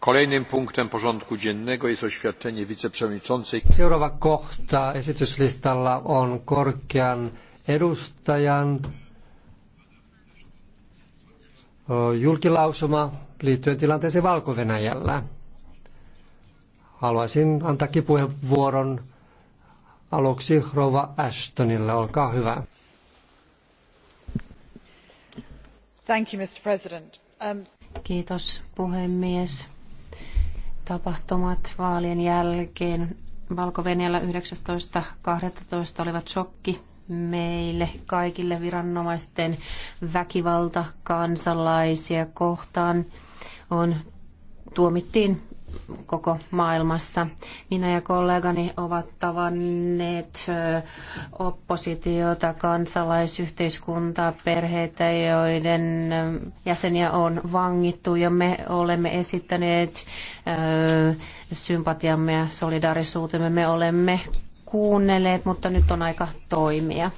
Kolejnym punktem porządku dziennego jest oświadczenie wiceprzewodniczącej. Seuraava kohta esityslistalla on korkean edustajan julkilausuma liittyen tilanteeseen valko -Venäjällä. Haluaisin antaa puheenvuoron aluksi Rova Ashtonille. Olkaa hyvä. Thank you, Mr. President. Um... Kiitos puhemies tapahtumat vaalien jälkeen Valko-Venäjällä 19.12. olivat shokki meille kaikille viranomaisten väkivalta kansalaisia kohtaan on tuomittiin koko maailmassa. Minä ja kollegani ovat tavanneet oppositiota, kansalaisyhteiskuntaa, perheitä, joiden jäseniä on vangittu ja me olemme esittäneet sympatiamme ja solidaarisuutemme. Me olemme kuunnelleet, mutta nyt on aika toimia.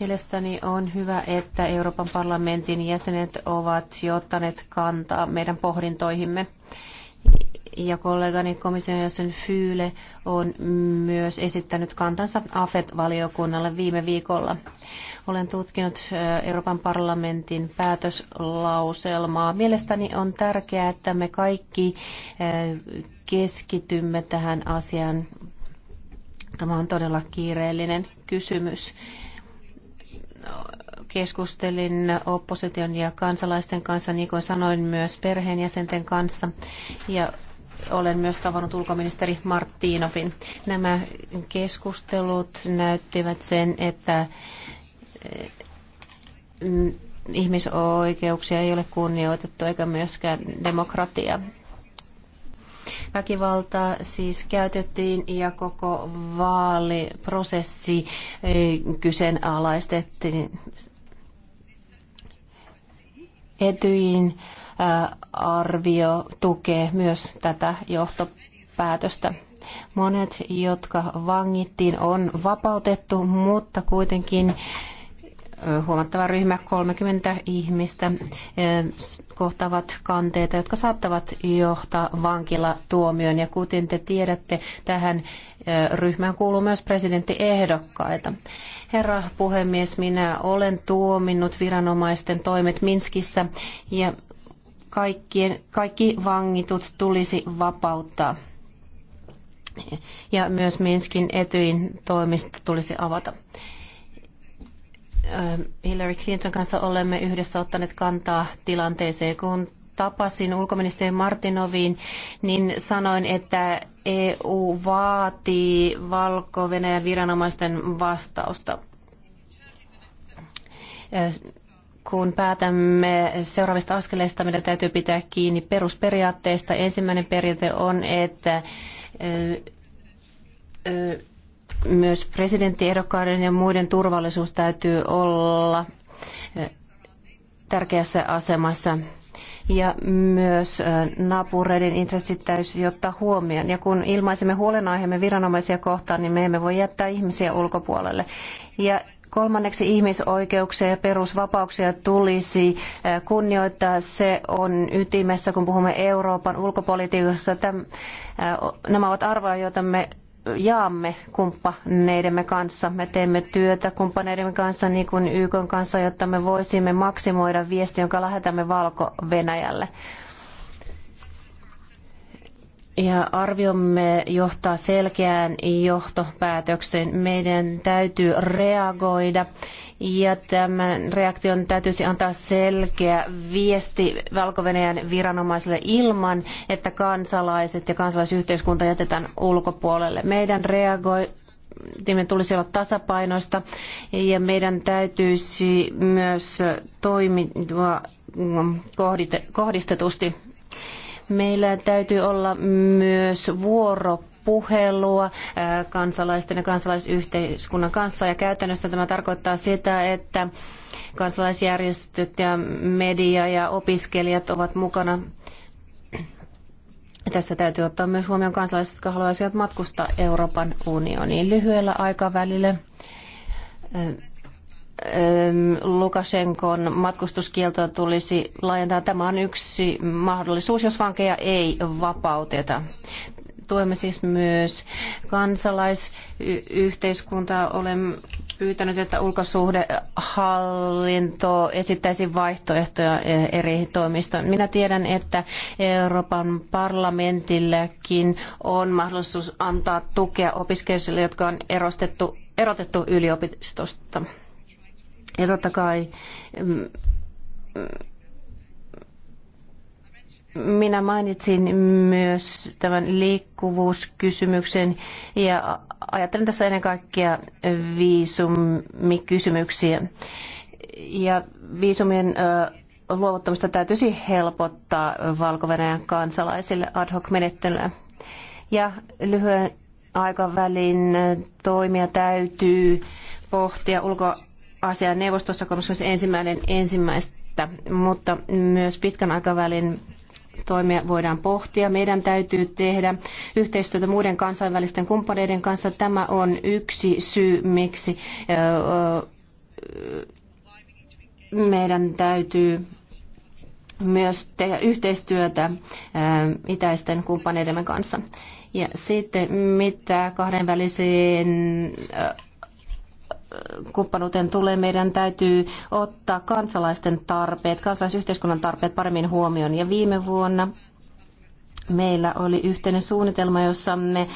Mielestäni on hyvä, että Euroopan parlamentin jäsenet ovat jo ottaneet kantaa meidän pohdintoihimme ja kollegani komission jäsen Fyyle on myös esittänyt kantansa AFET-valiokunnalle viime viikolla. Olen tutkinut Euroopan parlamentin päätöslauselmaa. Mielestäni on tärkeää, että me kaikki keskitymme tähän asiaan. Tämä on todella kiireellinen kysymys keskustelin opposition ja kansalaisten kanssa, niin kuin sanoin myös perheenjäsenten kanssa. Ja olen myös tavannut ulkoministeri Marttiinovin. Nämä keskustelut näyttivät sen, että eh, ihmisoikeuksia ei ole kunnioitettu eikä myöskään demokratia. Väkivaltaa siis käytettiin ja koko vaaliprosessi eh, kyseenalaistettiin. Etyin arvio tukee myös tätä johtopäätöstä. Monet, jotka vangittiin, on vapautettu, mutta kuitenkin huomattava ryhmä, 30 ihmistä, kohtavat kanteita, jotka saattavat johtaa vankilatuomioon. Ja kuten te tiedätte, tähän ryhmään kuuluu myös presidenttiehdokkaita. ehdokkaita. Herra puhemies, minä olen tuominnut viranomaisten toimet Minskissä ja kaikkien, kaikki vangitut tulisi vapauttaa. Ja myös Minskin etyin toimista tulisi avata. Äh, Hillary Clinton kanssa olemme yhdessä ottaneet kantaa tilanteeseen, kun tapasin ulkoministeri Martinoviin, niin sanoin, että EU vaatii Valko-Venäjän viranomaisten vastausta. Kun päätämme seuraavista askeleista, meidän täytyy pitää kiinni perusperiaatteista. Ensimmäinen periaate on, että myös presidenttiehdokkaiden ja muiden turvallisuus täytyy olla tärkeässä asemassa ja myös naapureiden intressit täysin ottaa huomioon. Ja kun ilmaisemme huolenaiheemme viranomaisia kohtaan, niin me emme voi jättää ihmisiä ulkopuolelle. Ja Kolmanneksi ihmisoikeuksia ja perusvapauksia tulisi kunnioittaa. Se on ytimessä, kun puhumme Euroopan ulkopolitiikasta. Nämä ovat arvoja, joita me jaamme kumppaneidemme kanssa. Me teemme työtä kumppaneidemme kanssa niin kuin YK kanssa, jotta me voisimme maksimoida viesti, jonka lähetämme Valko-Venäjälle ja arviomme johtaa selkeään johtopäätökseen. Meidän täytyy reagoida ja tämän reaktion täytyisi antaa selkeä viesti valko viranomaisille ilman, että kansalaiset ja kansalaisyhteiskunta jätetään ulkopuolelle. Meidän reagoi tulisi olla tasapainoista ja meidän täytyisi myös toimia kohdistetusti Meillä täytyy olla myös vuoropuhelua kansalaisten ja kansalaisyhteiskunnan kanssa ja käytännössä tämä tarkoittaa sitä, että kansalaisjärjestöt ja media ja opiskelijat ovat mukana. Tässä täytyy ottaa myös huomioon kansalaiset, jotka haluaisivat matkustaa Euroopan unioniin lyhyellä aikavälillä Lukashenkon matkustuskieltoa tulisi laajentaa. Tämä on yksi mahdollisuus, jos vankeja ei vapauteta. Tuemme siis myös kansalaisyhteiskuntaa. Olen pyytänyt, että ulkosuhdehallinto esittäisi vaihtoehtoja eri toimista. Minä tiedän, että Euroopan parlamentillekin on mahdollisuus antaa tukea opiskelijoille, jotka on erostettu, erotettu yliopistosta. Ja totta kai mm, mm, minä mainitsin myös tämän liikkuvuuskysymyksen ja ajattelen tässä ennen kaikkea viisumikysymyksiä. Ja viisumien luovuttamista täytyisi helpottaa valko kansalaisille ad hoc-menettelyä. Ja lyhyen aikavälin toimia täytyy pohtia ulko- asian neuvostossa 31.1. mutta myös pitkän aikavälin toimia voidaan pohtia. Meidän täytyy tehdä yhteistyötä muiden kansainvälisten kumppaneiden kanssa. Tämä on yksi syy, miksi meidän täytyy myös tehdä yhteistyötä itäisten kumppaneidemme kanssa. Ja sitten mitä kahdenvälisiin kumppanuuteen tulee, meidän täytyy ottaa kansalaisten tarpeet, kansalaisyhteiskunnan tarpeet paremmin huomioon. Ja viime vuonna meillä oli yhteinen suunnitelma, jossa me eh,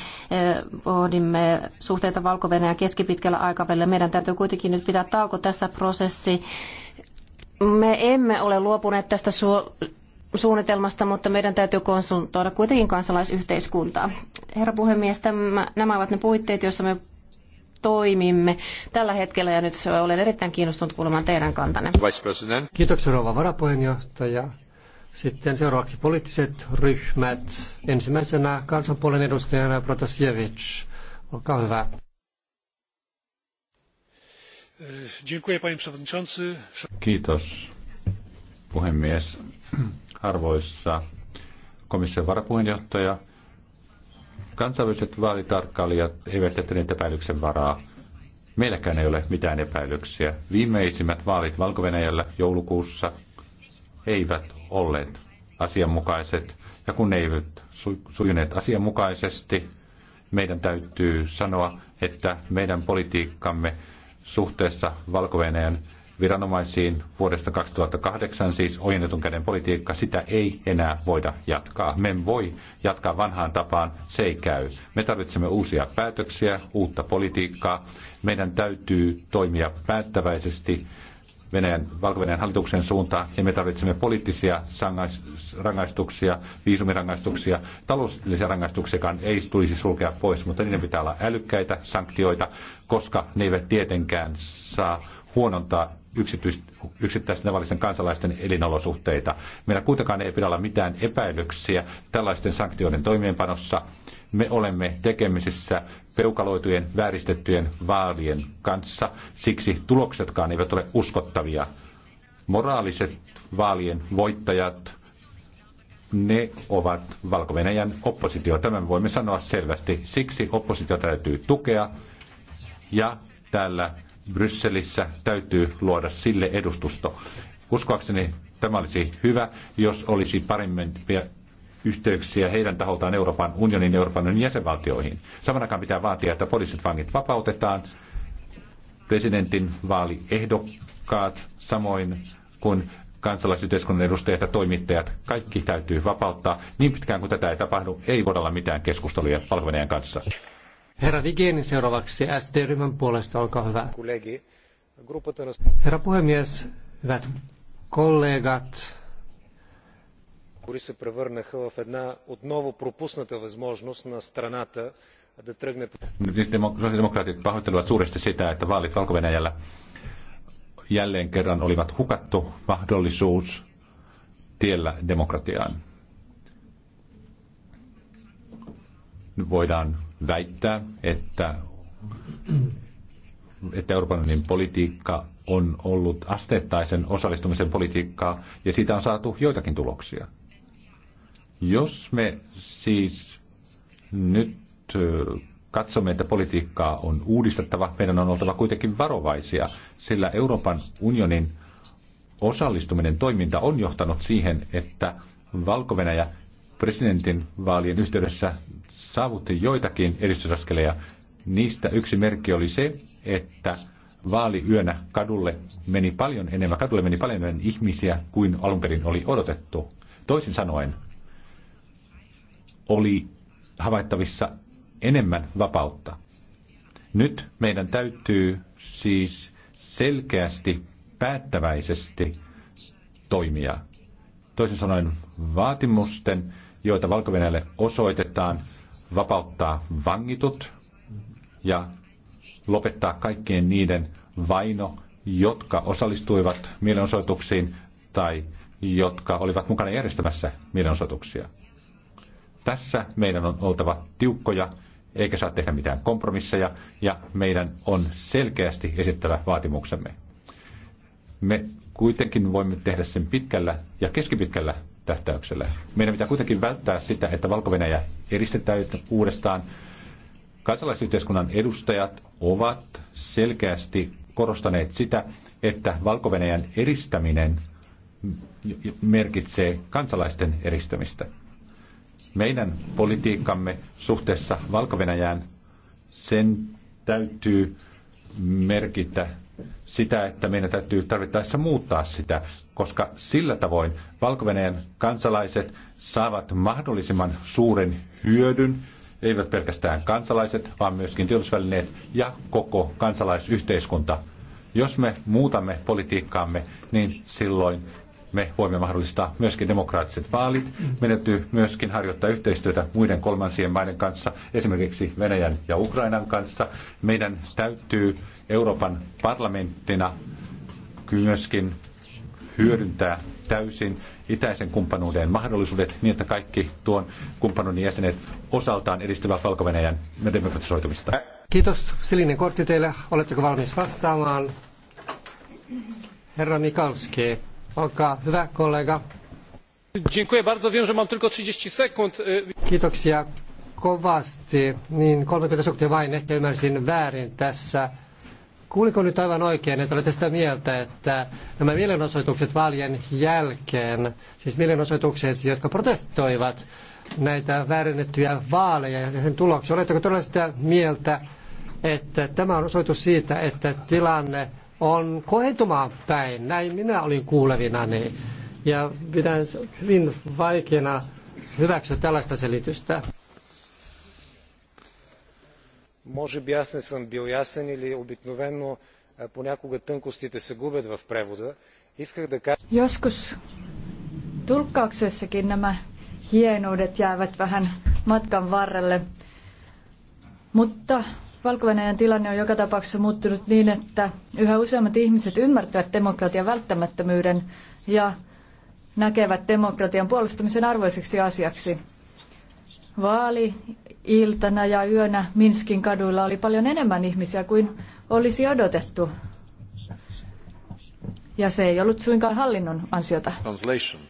pohdimme suhteita valko ja keskipitkällä aikavälillä. Meidän täytyy kuitenkin nyt pitää tauko tässä prosessi. Me emme ole luopuneet tästä su- suunnitelmasta, mutta meidän täytyy konsultoida kuitenkin kansalaisyhteiskuntaa. Herra puhemies, tämä, nämä ovat ne puitteet, joissa me toimimme tällä hetkellä ja nyt olen erittäin kiinnostunut kuulemaan teidän kantanne. Vice President. Kiitoksia rouva varapuheenjohtaja. Sitten seuraavaksi poliittiset ryhmät. Ensimmäisenä kansanpuolen edustajana Protasiewicz. Olkaa hyvä. Kiitos puhemies. Arvoissa komission varapuheenjohtaja, Kansainväliset vaalitarkkailijat eivät jättäneet epäilyksen varaa. Meilläkään ei ole mitään epäilyksiä. Viimeisimmät vaalit valko joulukuussa eivät olleet asianmukaiset. Ja kun ne eivät sujuneet asianmukaisesti, meidän täytyy sanoa, että meidän politiikkamme suhteessa valko viranomaisiin vuodesta 2008, siis ojennetun käden politiikka, sitä ei enää voida jatkaa. Me voi jatkaa vanhaan tapaan, se ei käy. Me tarvitsemme uusia päätöksiä, uutta politiikkaa. Meidän täytyy toimia päättäväisesti Venäjän, valko -Venäjän hallituksen suuntaan, ja me tarvitsemme poliittisia rangaistuksia, viisumirangaistuksia, taloudellisia rangaistuksiakaan ei tulisi sulkea pois, mutta niiden pitää olla älykkäitä sanktioita, koska ne eivät tietenkään saa huonontaa yksittäisten tavallisten kansalaisten elinolosuhteita. Meillä kuitenkaan ei pidä olla mitään epäilyksiä tällaisten sanktioiden toimeenpanossa. Me olemme tekemisissä peukaloitujen, vääristettyjen vaalien kanssa. Siksi tuloksetkaan eivät ole uskottavia. Moraaliset vaalien voittajat, ne ovat valko oppositio. Tämän voimme sanoa selvästi. Siksi oppositio täytyy tukea ja täällä Brysselissä täytyy luoda sille edustusto. Uskoakseni tämä olisi hyvä, jos olisi paremmin yhteyksiä heidän taholtaan Euroopan unionin ja Euroopan unionin jäsenvaltioihin. Saman aikaan pitää vaatia, että poliisit vangit vapautetaan, presidentin vaaliehdokkaat, samoin kuin kansalaisyhteiskunnan edustajat ja toimittajat, kaikki täytyy vapauttaa. Niin pitkään kuin tätä ei tapahdu, ei voida olla mitään keskusteluja valko kanssa. Herra Vigenin seuraavaksi SD-ryhmän puolesta, olkaa hyvä. Herra puhemies, hyvät kollegat, избори се превърнаха в една отново пропусната възможност на страната да тръгне... Sosiaalidemokraatit pahoittelevat suuresti sitä, että vaalit valko jälleen kerran olivat hukattu mahdollisuus tiellä demokratiaan. voidaan väittää, että, että Euroopan unionin politiikka on ollut asteittaisen osallistumisen politiikkaa ja siitä on saatu joitakin tuloksia. Jos me siis nyt katsomme, että politiikkaa on uudistettava, meidän on oltava kuitenkin varovaisia, sillä Euroopan unionin osallistuminen toiminta on johtanut siihen, että valko presidentin vaalien yhteydessä saavutti joitakin edistysaskeleja. Niistä yksi merkki oli se, että vaaliyönä kadulle meni paljon enemmän, kadulle meni paljon enemmän ihmisiä kuin alun perin oli odotettu. Toisin sanoen, oli havaittavissa enemmän vapautta. Nyt meidän täytyy siis selkeästi, päättäväisesti toimia. Toisin sanoen vaatimusten joita valko osoitetaan, vapauttaa vangitut ja lopettaa kaikkien niiden vaino, jotka osallistuivat mielenosoituksiin tai jotka olivat mukana järjestämässä mielenosoituksia. Tässä meidän on oltava tiukkoja, eikä saa tehdä mitään kompromisseja, ja meidän on selkeästi esittävä vaatimuksemme. Me kuitenkin voimme tehdä sen pitkällä ja keskipitkällä tähtäyksellä. Meidän pitää kuitenkin välttää sitä, että Valko-Venäjä eristetään uudestaan. Kansalaisyhteiskunnan edustajat ovat selkeästi korostaneet sitä, että valko eristäminen merkitsee kansalaisten eristämistä. Meidän politiikkamme suhteessa valko sen täytyy merkitä sitä, että meidän täytyy tarvittaessa muuttaa sitä, koska sillä tavoin valko kansalaiset saavat mahdollisimman suuren hyödyn, eivät pelkästään kansalaiset, vaan myöskin tiedotusvälineet ja koko kansalaisyhteiskunta. Jos me muutamme politiikkaamme, niin silloin me voimme mahdollistaa myöskin demokraattiset vaalit. Meidän täytyy myöskin harjoittaa yhteistyötä muiden kolmansien maiden kanssa, esimerkiksi Venäjän ja Ukrainan kanssa. Meidän täytyy Euroopan parlamenttina myöskin hyödyntää täysin itäisen kumppanuuden mahdollisuudet niin, että kaikki tuon kumppanuuden jäsenet osaltaan edistävät Valko-Venäjän demokratisoitumista. Kiitos. Silinen kortti teille. Oletteko valmis vastaamaan? Herra Mikalski, olkaa hyvä kollega. Dziękuję bardzo. Wiem, że mam tylko 30 sekund. Kiitoksia kovasti. Niin 30 sekuntia vain. Ehkä ymmärsin väärin tässä. Kuuliko nyt aivan oikein, että olette sitä mieltä, että nämä mielenosoitukset vaalien jälkeen, siis mielenosoitukset, jotka protestoivat näitä väärennettyjä vaaleja ja sen tuloksia, oletteko todella sitä mieltä, että tämä on osoitus siitä, että tilanne on kohentumaan päin. Näin minä olin kuulevinani. Ja pidän hyvin vaikeana hyväksyä tällaista selitystä може би аз не съм бил ясен или обикновено понякога тънкостите се губят в превода. Исках да кажа... Йоскус, tulkkauksessakin нама hienoudet jäävät вахан маткан varrelle. Mutta valko venäjän tilanne on joka tapauksessa muuttunut niin, että yhä useammat ihmiset ymmärtävät demokratian välttämättömyyden ja näkevät demokratian puolustamisen arvoiseksi asiaksi. Vaali-iltana ja yönä Minskin kaduilla oli paljon enemmän ihmisiä kuin olisi odotettu. Ja se ei ollut suinkaan hallinnon ansiota. Translation.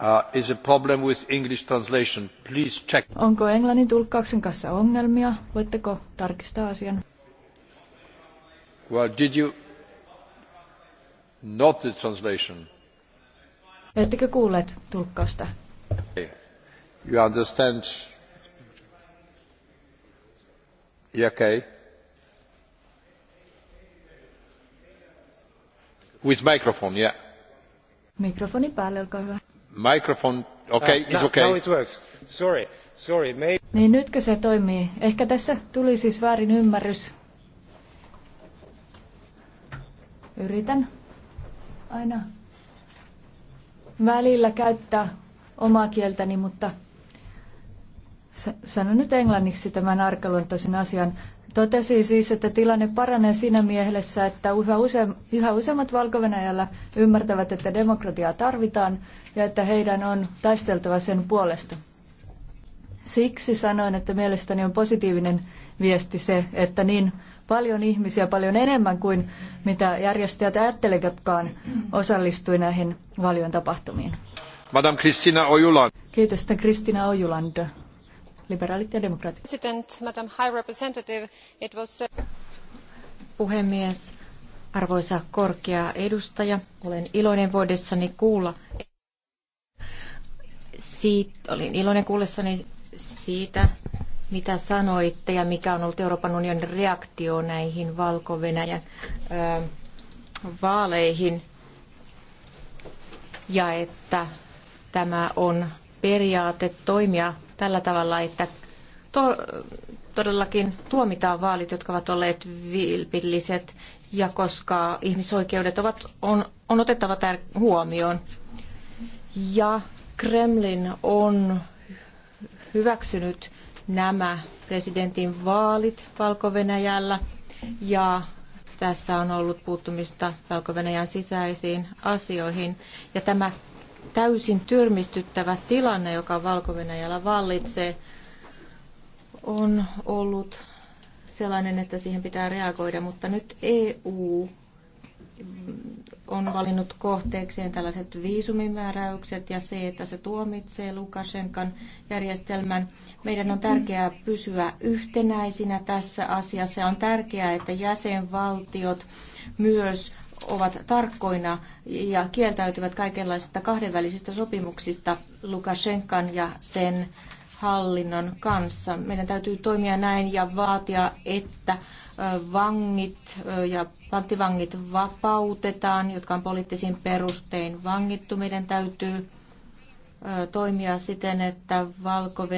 Uh, is a problem with English translation. Please check. Onko englannin tulkkauksen kanssa ongelmia? Voitteko tarkistaa asian? Well, did you... Not the translation. Ettekö kuulleet tulkkausta? Okay. You understand? Okay. With microphone, yeah. Mikrofoni päälle, olkaa hyvä. Microphone, okay, ah, it's okay. Now it works. Sorry, sorry. May... Niin nytkö se toimii? Ehkä tässä tuli siis väärin ymmärrys. Yritän aina välillä käyttää omaa kieltäni, mutta sanon nyt englanniksi tämän arkaluontoisen asian. Totesi siis, että tilanne paranee siinä mielessä, että yhä, use, yhä useammat valko ymmärtävät, että demokratiaa tarvitaan ja että heidän on taisteltava sen puolesta. Siksi sanoin, että mielestäni on positiivinen viesti se, että niin paljon ihmisiä, paljon enemmän kuin mitä järjestäjät ajattelivatkaan, osallistui näihin valion tapahtumiin. Madame Kristina Ojuland. Kiitos, Kristina Ojuland liberaalit ja demokraatit. Uh, Puhemies, arvoisa korkea edustaja, olen iloinen voidessani kuulla. Siitä, olin iloinen kuullessani siitä, mitä sanoitte ja mikä on ollut Euroopan unionin reaktio näihin Valko-Venäjän vaaleihin ja että tämä on periaate toimia tällä tavalla, että to- todellakin tuomitaan vaalit, jotka ovat olleet vilpilliset, ja koska ihmisoikeudet ovat, on, on otettava tär- huomioon. Ja Kremlin on hyväksynyt nämä presidentin vaalit Valko-Venäjällä, ja tässä on ollut puuttumista valko sisäisiin asioihin. Ja tämä täysin tyrmistyttävä tilanne, joka valko vallitsee, on ollut sellainen, että siihen pitää reagoida, mutta nyt EU on valinnut kohteekseen tällaiset viisumimääräykset ja se, että se tuomitsee Lukashenkan järjestelmän. Meidän on tärkeää pysyä yhtenäisinä tässä asiassa. On tärkeää, että jäsenvaltiot myös ovat tarkkoina ja kieltäytyvät kaikenlaisista kahdenvälisistä sopimuksista Lukashenkan ja sen hallinnon kanssa. Meidän täytyy toimia näin ja vaatia, että vangit ja panttivangit vapautetaan, jotka on poliittisin perustein vangittu. Meidän täytyy toimia siten, että valko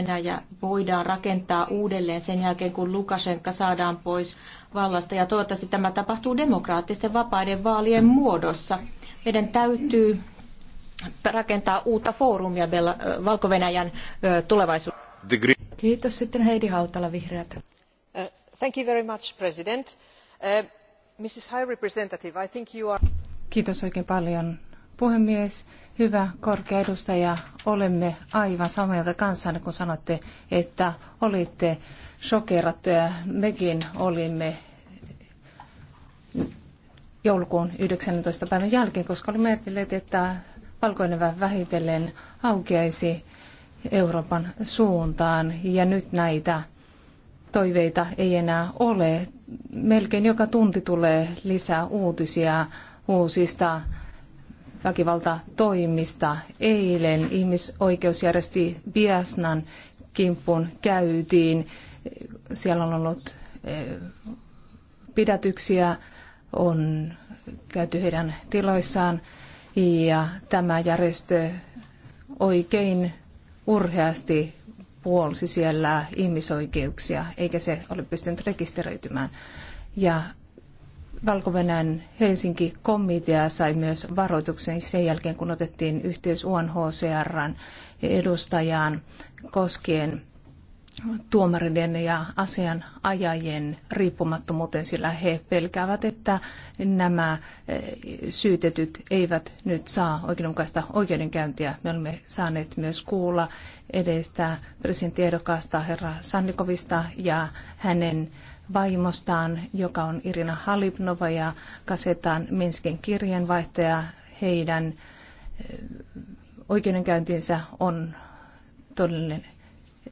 voidaan rakentaa uudelleen sen jälkeen, kun Lukashenka saadaan pois vallasta ja toivottavasti tämä tapahtuu demokraattisten vapaiden vaalien muodossa. Meidän täytyy rakentaa uutta foorumia Valko-Venäjän tulevaisuudessa. Kiitos sitten Heidi Hautala vihreät. Uh, thank you very much, President. Uh, Mrs. High Representative, I think you are... Kiitos oikein paljon, puhemies. Hyvä korkea edustaja, olemme aivan samalta kanssanne, kun sanotte, että olitte shokerattuja. Mekin olimme joulukuun 19. päivän jälkeen, koska olimme ajatelleet, että valkoinen vähitellen aukeaisi Euroopan suuntaan. Ja nyt näitä toiveita ei enää ole. Melkein joka tunti tulee lisää uutisia uusista väkivaltatoimista. Eilen ihmisoikeusjärjesti Biasnan kimppuun käytiin. Siellä on ollut eh, pidätyksiä, on käyty heidän tiloissaan ja tämä järjestö oikein urheasti puolsi siellä ihmisoikeuksia, eikä se ole pystynyt rekisteröitymään. Ja valko Helsinki-komitea sai myös varoituksen sen jälkeen, kun otettiin yhteys UNHCRn edustajaan koskien tuomariden ja asianajajien riippumattomuuteen, sillä he pelkäävät, että nämä eh, syytetyt eivät nyt saa oikeudenmukaista oikeudenkäyntiä. Me olemme saaneet myös kuulla edestä presidenttiehdokasta herra Sannikovista ja hänen vaimostaan, joka on Irina Halipnova ja kasetaan Minskin kirjeenvaihtaja. Heidän eh, oikeudenkäyntinsä on todellinen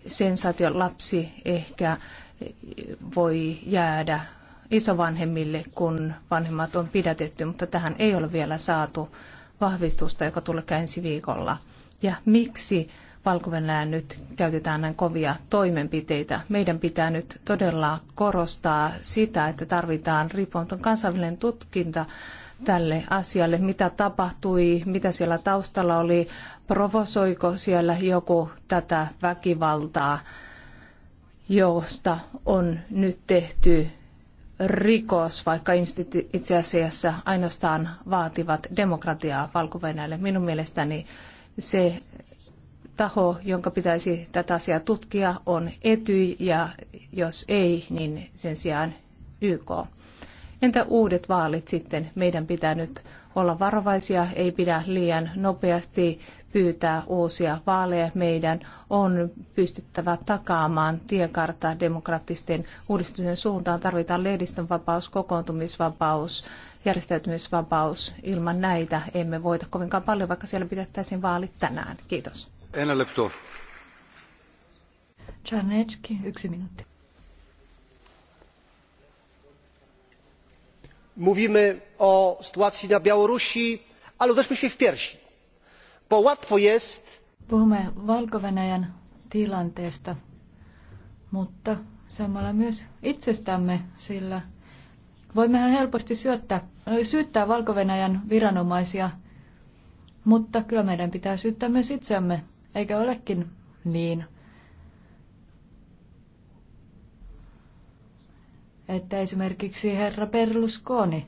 sensaatio. Lapsi ehkä eh, voi jäädä isovanhemmille, kun vanhemmat on pidätetty, mutta tähän ei ole vielä saatu vahvistusta, joka tulee ensi viikolla. Ja miksi valko nyt käytetään näin kovia toimenpiteitä. Meidän pitää nyt todella korostaa sitä, että tarvitaan riippumaton kansainvälinen tutkinta tälle asialle, mitä tapahtui, mitä siellä taustalla oli, provosoiko siellä joku tätä väkivaltaa, josta on nyt tehty rikos, vaikka ihmiset itse asiassa ainoastaan vaativat demokratiaa valko Minun mielestäni se taho, jonka pitäisi tätä asiaa tutkia, on Etyj ja jos ei, niin sen sijaan YK. Entä uudet vaalit sitten? Meidän pitää nyt olla varovaisia, ei pidä liian nopeasti pyytää uusia vaaleja. Meidän on pystyttävä takaamaan tiekartta demokraattisten uudistusten suuntaan. Tarvitaan lehdistönvapaus, kokoontumisvapaus, järjestäytymisvapaus. Ilman näitä emme voita kovinkaan paljon, vaikka siellä pidettäisiin vaalit tänään. Kiitos. Ένα λεπτό. Czarnecki, Mówimy o sytuacji na Białorusi, ale uderzmy się w piersi. Bo łatwo jest... Puhumme valko tilanteesta, mutta samalla myös itsestämme, sillä voimmehan helposti syöttää, äh, syyttää valko viranomaisia, mutta kyllä meidän pitää syyttää myös itseämme Eikö olekin niin, että esimerkiksi herra Berlusconi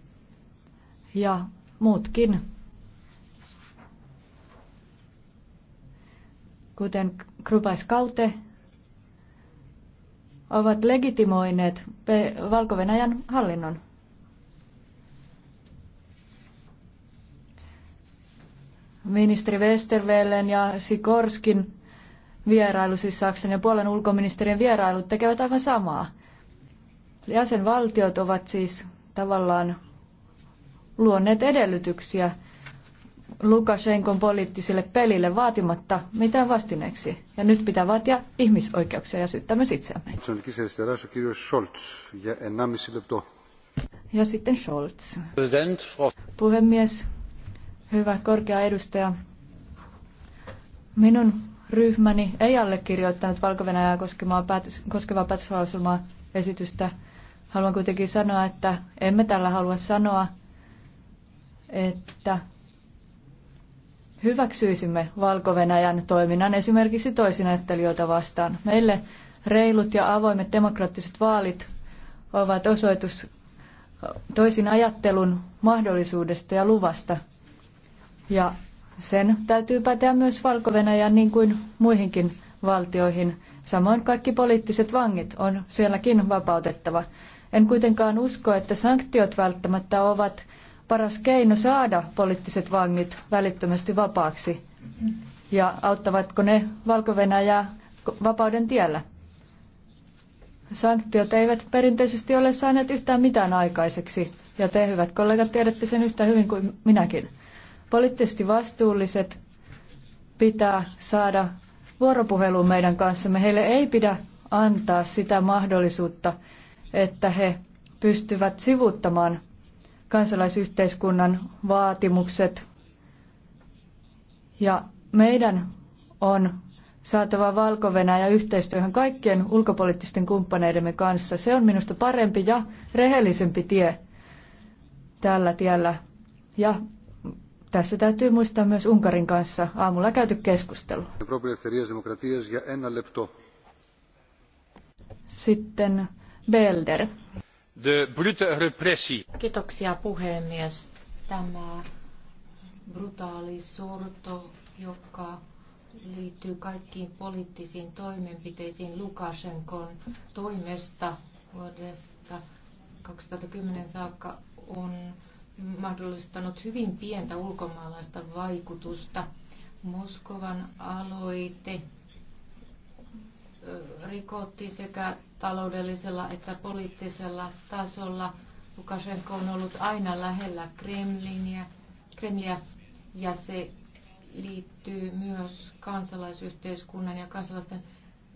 ja muutkin, kuten Krupaiskaute, ovat legitimoineet valko hallinnon. ministeri Westerwellen ja Sikorskin vierailu, siis Saksan ja Puolen ulkoministerien vierailut tekevät aivan samaa. Jäsenvaltiot ovat siis tavallaan luonneet edellytyksiä Lukashenkon poliittisille pelille vaatimatta mitään vastineeksi. Ja nyt pitää vaatia ihmisoikeuksia ja syyttää myös itseämme. Ja sitten Scholz. Puhemies, Hyvä korkea edustaja, minun ryhmäni ei allekirjoittanut valko venäjää päätös, koskevaa päätöslauselmaa esitystä. Haluan kuitenkin sanoa, että emme tällä halua sanoa, että hyväksyisimme valko toiminnan esimerkiksi toisinäyttelijöitä vastaan. Meille reilut ja avoimet demokraattiset vaalit ovat osoitus toisin ajattelun mahdollisuudesta ja luvasta – ja sen täytyy päteä myös valko niin kuin muihinkin valtioihin. Samoin kaikki poliittiset vangit on sielläkin vapautettava. En kuitenkaan usko, että sanktiot välttämättä ovat paras keino saada poliittiset vangit välittömästi vapaaksi. Ja auttavatko ne valko vapauden tiellä? Sanktiot eivät perinteisesti ole saaneet yhtään mitään aikaiseksi, ja te hyvät kollegat tiedätte sen yhtä hyvin kuin minäkin. Poliittisesti vastuulliset pitää saada vuoropuheluun meidän kanssamme. Heille ei pidä antaa sitä mahdollisuutta, että he pystyvät sivuttamaan kansalaisyhteiskunnan vaatimukset. Ja meidän on saatava valko ja yhteistyöhön kaikkien ulkopoliittisten kumppaneidemme kanssa. Se on minusta parempi ja rehellisempi tie tällä tiellä. Ja tässä täytyy muistaa myös Unkarin kanssa aamulla käyty keskustelu. Sitten Belder. De brute Kiitoksia puhemies. Tämä brutaali sorto, joka liittyy kaikkiin poliittisiin toimenpiteisiin Lukashenkon toimesta vuodesta 2010 saakka on mahdollistanut hyvin pientä ulkomaalaista vaikutusta. Moskovan aloite rikotti sekä taloudellisella että poliittisella tasolla. Lukashenko on ollut aina lähellä Kremlinia, Kremliä ja se liittyy myös kansalaisyhteiskunnan ja kansalaisten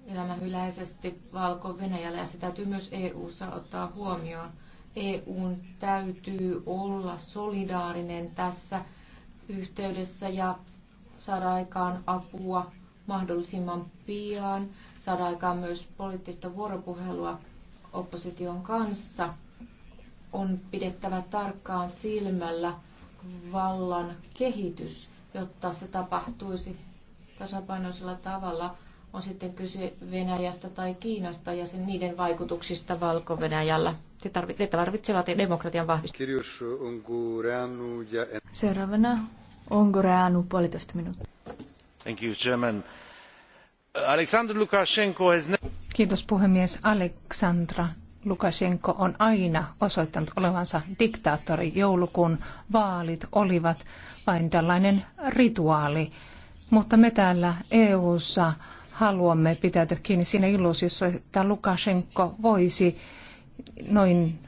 elämän yleisesti Valko-Venäjällä ja se täytyy myös EU-ssa ottaa huomioon. EUn täytyy olla solidaarinen tässä yhteydessä ja saada aikaan apua mahdollisimman pian, saada aikaan myös poliittista vuoropuhelua opposition kanssa. On pidettävä tarkkaan silmällä vallan kehitys, jotta se tapahtuisi tasapainoisella tavalla on sitten kyse Venäjästä tai Kiinasta ja sen niiden vaikutuksista Valko-Venäjällä. Ne tarvitsevat, demokratian vahvistusta. Seuraavana Ongureanu puolitoista minuuttia. Thank you, German. Alexander Lukashenko has... Kiitos puhemies. Aleksandra Lukashenko on aina osoittanut olevansa diktaattori. Joulukuun vaalit olivat vain tällainen rituaali. Mutta me täällä EU:ssa ssa haluamme pitäytyä kiinni siinä illuusiossa, että Lukashenko voisi noin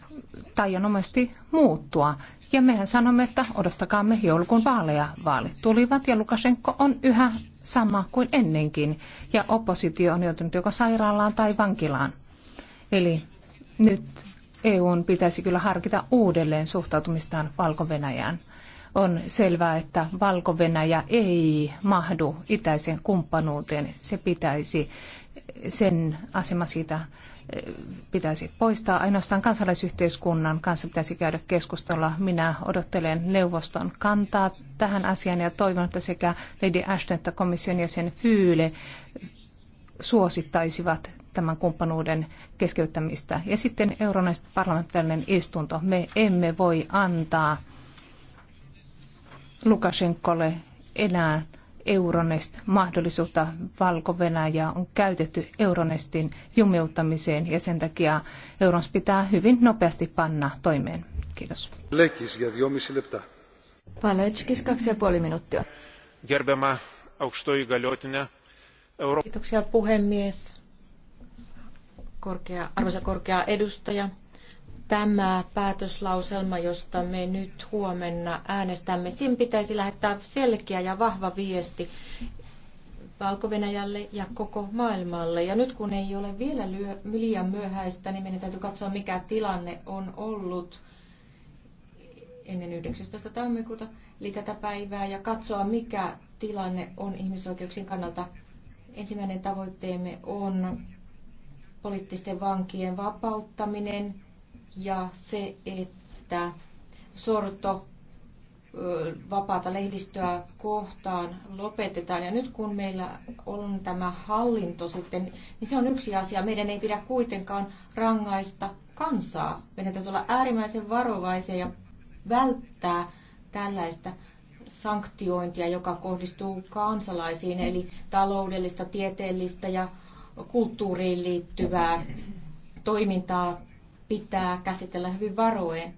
taianomaisesti muuttua. Ja mehän sanomme, että odottakaamme joulukuun vaaleja. Vaalit tulivat ja Lukashenko on yhä sama kuin ennenkin. Ja oppositio on joutunut joko sairaalaan tai vankilaan. Eli nyt EUn pitäisi kyllä harkita uudelleen suhtautumistaan Valko-Venäjään. On selvää, että valko ei mahdu itäisen kumppanuuteen. Se pitäisi, sen asema siitä eh, pitäisi poistaa. Ainoastaan kansalaisyhteiskunnan kanssa pitäisi käydä keskustella. Minä odottelen neuvoston kantaa tähän asiaan ja toivon, että sekä Lady Ashton että komission jäsen Fyyle suosittaisivat tämän kumppanuuden keskeyttämistä. Ja sitten euronaiset parlamentaarinen istunto. Me emme voi antaa Lukashenkolle enää Euronest-mahdollisuutta. valko on käytetty Euronestin jumiuttamiseen ja sen takia Eurons pitää hyvin nopeasti panna toimeen. Kiitos. Lekis ja viomisi leptä. Palečkis, kaksi ja puoli minuuttia. Gerbema, aukstoi galiotine. Euro... Kiitoksia puhemies. Korkea, arvoisa korkea edustaja tämä päätöslauselma, josta me nyt huomenna äänestämme, sin pitäisi lähettää selkeä ja vahva viesti valko ja koko maailmalle. Ja nyt kun ei ole vielä liian myöhäistä, niin meidän täytyy katsoa, mikä tilanne on ollut ennen 19. tammikuuta, eli tätä päivää, ja katsoa, mikä tilanne on ihmisoikeuksien kannalta. Ensimmäinen tavoitteemme on poliittisten vankien vapauttaminen – ja se, että sorto vapaata lehdistöä kohtaan lopetetaan. Ja nyt kun meillä on tämä hallinto sitten, niin se on yksi asia. Meidän ei pidä kuitenkaan rangaista kansaa. Meidän täytyy olla äärimmäisen varovaisia ja välttää tällaista sanktiointia, joka kohdistuu kansalaisiin, eli taloudellista, tieteellistä ja kulttuuriin liittyvää toimintaa pitää käsitellä hyvin varoen.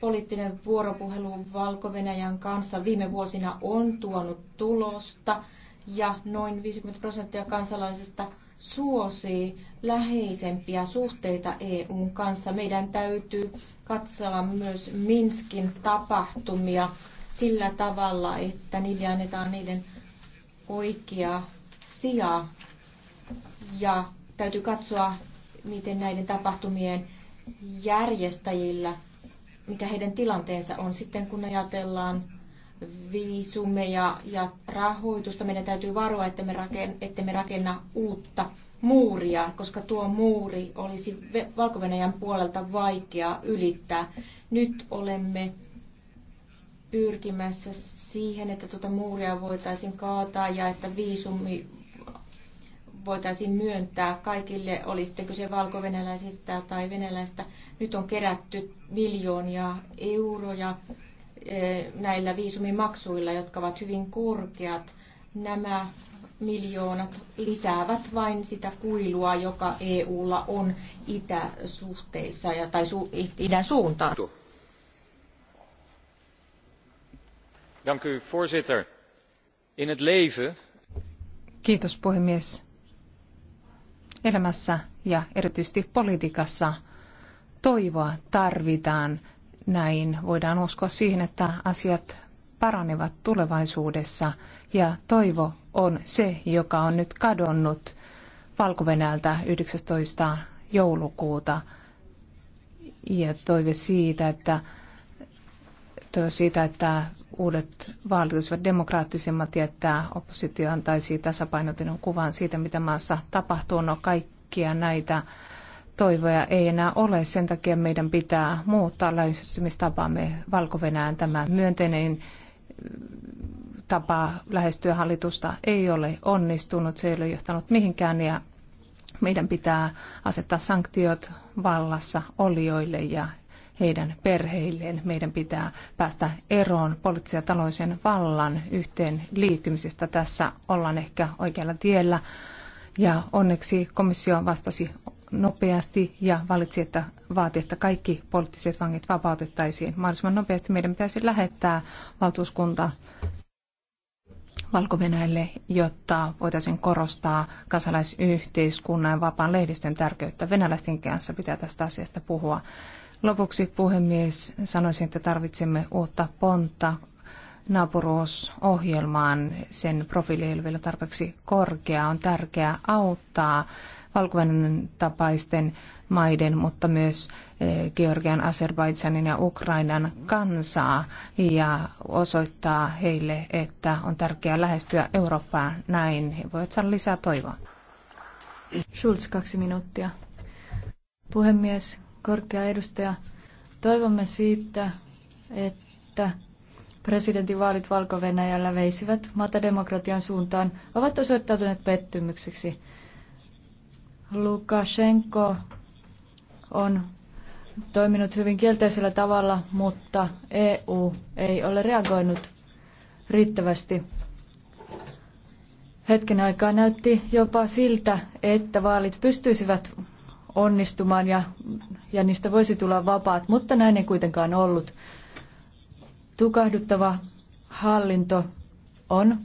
Poliittinen vuoropuhelu valko kanssa viime vuosina on tuonut tulosta ja noin 50 prosenttia kansalaisista suosii läheisempiä suhteita EUn kanssa. Meidän täytyy katsella myös Minskin tapahtumia sillä tavalla, että niille annetaan niiden oikea sija. Ja täytyy katsoa miten näiden tapahtumien järjestäjillä, mikä heidän tilanteensa on sitten, kun ajatellaan viisumeja ja rahoitusta. Meidän täytyy varoa, että me, raken, että me rakenna uutta muuria, koska tuo muuri olisi valko puolelta vaikea ylittää. Nyt olemme pyrkimässä siihen, että tuota muuria voitaisiin kaataa ja että viisumi voitaisiin myöntää kaikille, oli sitten kyse valko tai venäläistä. Nyt on kerätty miljoonia euroja eh, näillä viisumimaksuilla, jotka ovat hyvin korkeat. Nämä miljoonat lisäävät vain sitä kuilua, joka EUlla on itäsuhteissa ja, tai su, idän suuntaan. Dank u, voorzitter. In het leven Kiitos puhemies elämässä ja erityisesti politiikassa toivoa tarvitaan. Näin voidaan uskoa siihen, että asiat paranevat tulevaisuudessa ja toivo on se, joka on nyt kadonnut valko 19. joulukuuta ja toive siitä, että, toive siitä, että uudet vaalit olisivat demokraattisemmat ja että oppositio antaisi tasapainotinen kuvan siitä, mitä maassa tapahtuu. No kaikkia näitä toivoja ei enää ole. Sen takia meidän pitää muuttaa lähestymistapaamme valko -Venään. Tämä myönteinen mm, tapa lähestyä hallitusta ei ole onnistunut. Se ei ole johtanut mihinkään ja meidän pitää asettaa sanktiot vallassa olijoille ja heidän perheilleen. Meidän pitää päästä eroon poliittisen ja taloisen vallan yhteen liittymisestä. Tässä ollaan ehkä oikealla tiellä. Ja onneksi komissio vastasi nopeasti ja valitsi, että vaati, että kaikki poliittiset vangit vapautettaisiin. Mahdollisimman nopeasti meidän pitäisi lähettää valtuuskunta valko jotta voitaisiin korostaa kansalaisyhteiskunnan ja vapaan lehdistön tärkeyttä. Venäläisten kanssa pitää tästä asiasta puhua. Lopuksi puhemies sanoisin, että tarvitsemme uutta pontta naapuruusohjelmaan. Sen profiili ei ole vielä tarpeeksi korkea. On tärkeää auttaa valko tapaisten maiden, mutta myös eh, Georgian, Azerbaidsanin ja Ukrainan kansaa ja osoittaa heille, että on tärkeää lähestyä Eurooppaa näin. He voivat saada lisää toivoa. Schulz, kaksi minuuttia. Puhemies, korkea edustaja, toivomme siitä, että presidentinvaalit Valko-Venäjällä veisivät maata demokratian suuntaan, ovat osoittautuneet pettymykseksi. Lukashenko on toiminut hyvin kielteisellä tavalla, mutta EU ei ole reagoinut riittävästi. Hetken aikaa näytti jopa siltä, että vaalit pystyisivät onnistumaan ja, ja niistä voisi tulla vapaat, mutta näin ei kuitenkaan ollut. Tukahduttava hallinto on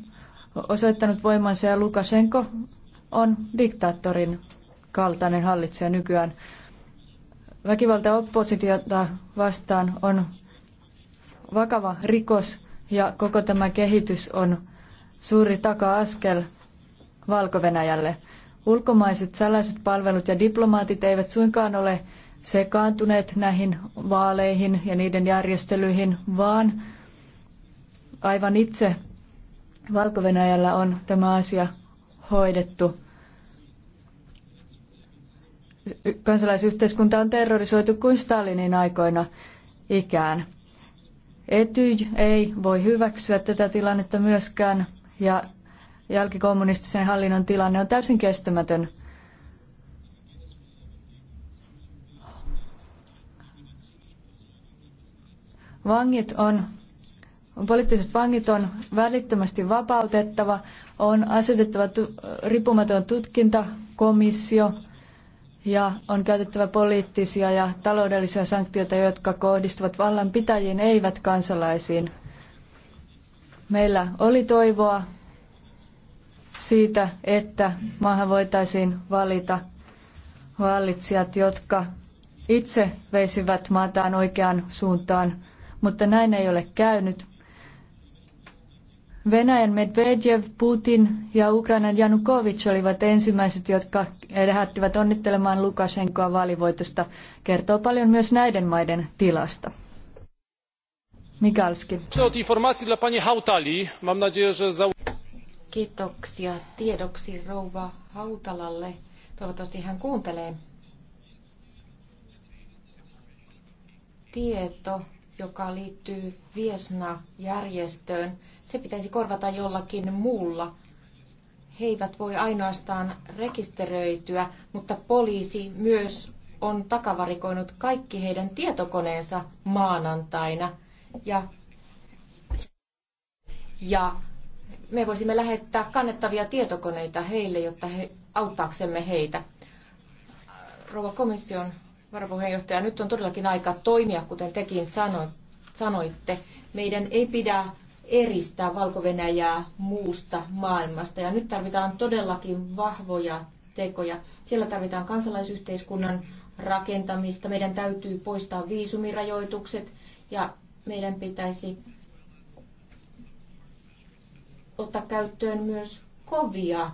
osoittanut voimansa ja Lukashenko on diktaattorin kaltainen hallitsija nykyään. Väkivalta oppositiota vastaan on vakava rikos ja koko tämä kehitys on suuri taka-askel Valko-Venäjälle. Ulkomaiset salaiset palvelut ja diplomaatit eivät suinkaan ole sekaantuneet näihin vaaleihin ja niiden järjestelyihin, vaan aivan itse valko on tämä asia hoidettu. Kansalaisyhteiskunta on terrorisoitu kuin Stalinin aikoina ikään. Etyj ei voi hyväksyä tätä tilannetta myöskään ja jälkikommunistisen hallinnon tilanne on täysin kestämätön. Vangit on, poliittiset vangit on välittömästi vapautettava, on asetettava tu, riippumaton tutkintakomissio ja on käytettävä poliittisia ja taloudellisia sanktioita, jotka kohdistuvat vallanpitäjiin, eivät kansalaisiin. Meillä oli toivoa siitä, että maahan voitaisiin valita hallitsijat, jotka itse veisivät maataan oikeaan suuntaan, mutta näin ei ole käynyt. Venäjän Medvedev, Putin ja Ukrainan Janukovic olivat ensimmäiset, jotka lähettivät onnittelemaan Lukashenkoa vaalivoitosta. Kertoo paljon myös näiden maiden tilasta. Mikalski. Kiitoksia tiedoksi rouva Hautalalle. Toivottavasti hän kuuntelee. Tieto, joka liittyy Viesna-järjestöön, se pitäisi korvata jollakin muulla. He eivät voi ainoastaan rekisteröityä, mutta poliisi myös on takavarikoinut kaikki heidän tietokoneensa maanantaina. Ja, ja me voisimme lähettää kannettavia tietokoneita heille, jotta he auttaaksemme heitä. Rouva komission varapuheenjohtaja, nyt on todellakin aika toimia, kuten tekin sanoitte. Meidän ei pidä eristää valko muusta maailmasta. Ja nyt tarvitaan todellakin vahvoja tekoja. Siellä tarvitaan kansalaisyhteiskunnan rakentamista. Meidän täytyy poistaa viisumirajoitukset ja meidän pitäisi ottaa käyttöön myös kovia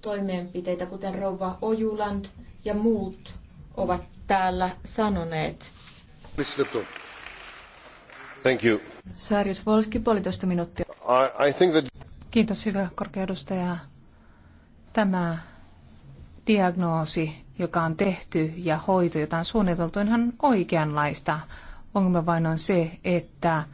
toimenpiteitä, kuten Rouva Ojuland ja muut ovat täällä sanoneet. Thank you. Sarius Volski, puolitoista minuuttia. I, I think that... Kiitos hyvä korkeudustaja. Tämä diagnoosi, joka on tehty ja hoito, jota on suunniteltu, on ihan oikeanlaista. Ongelma vain on se, että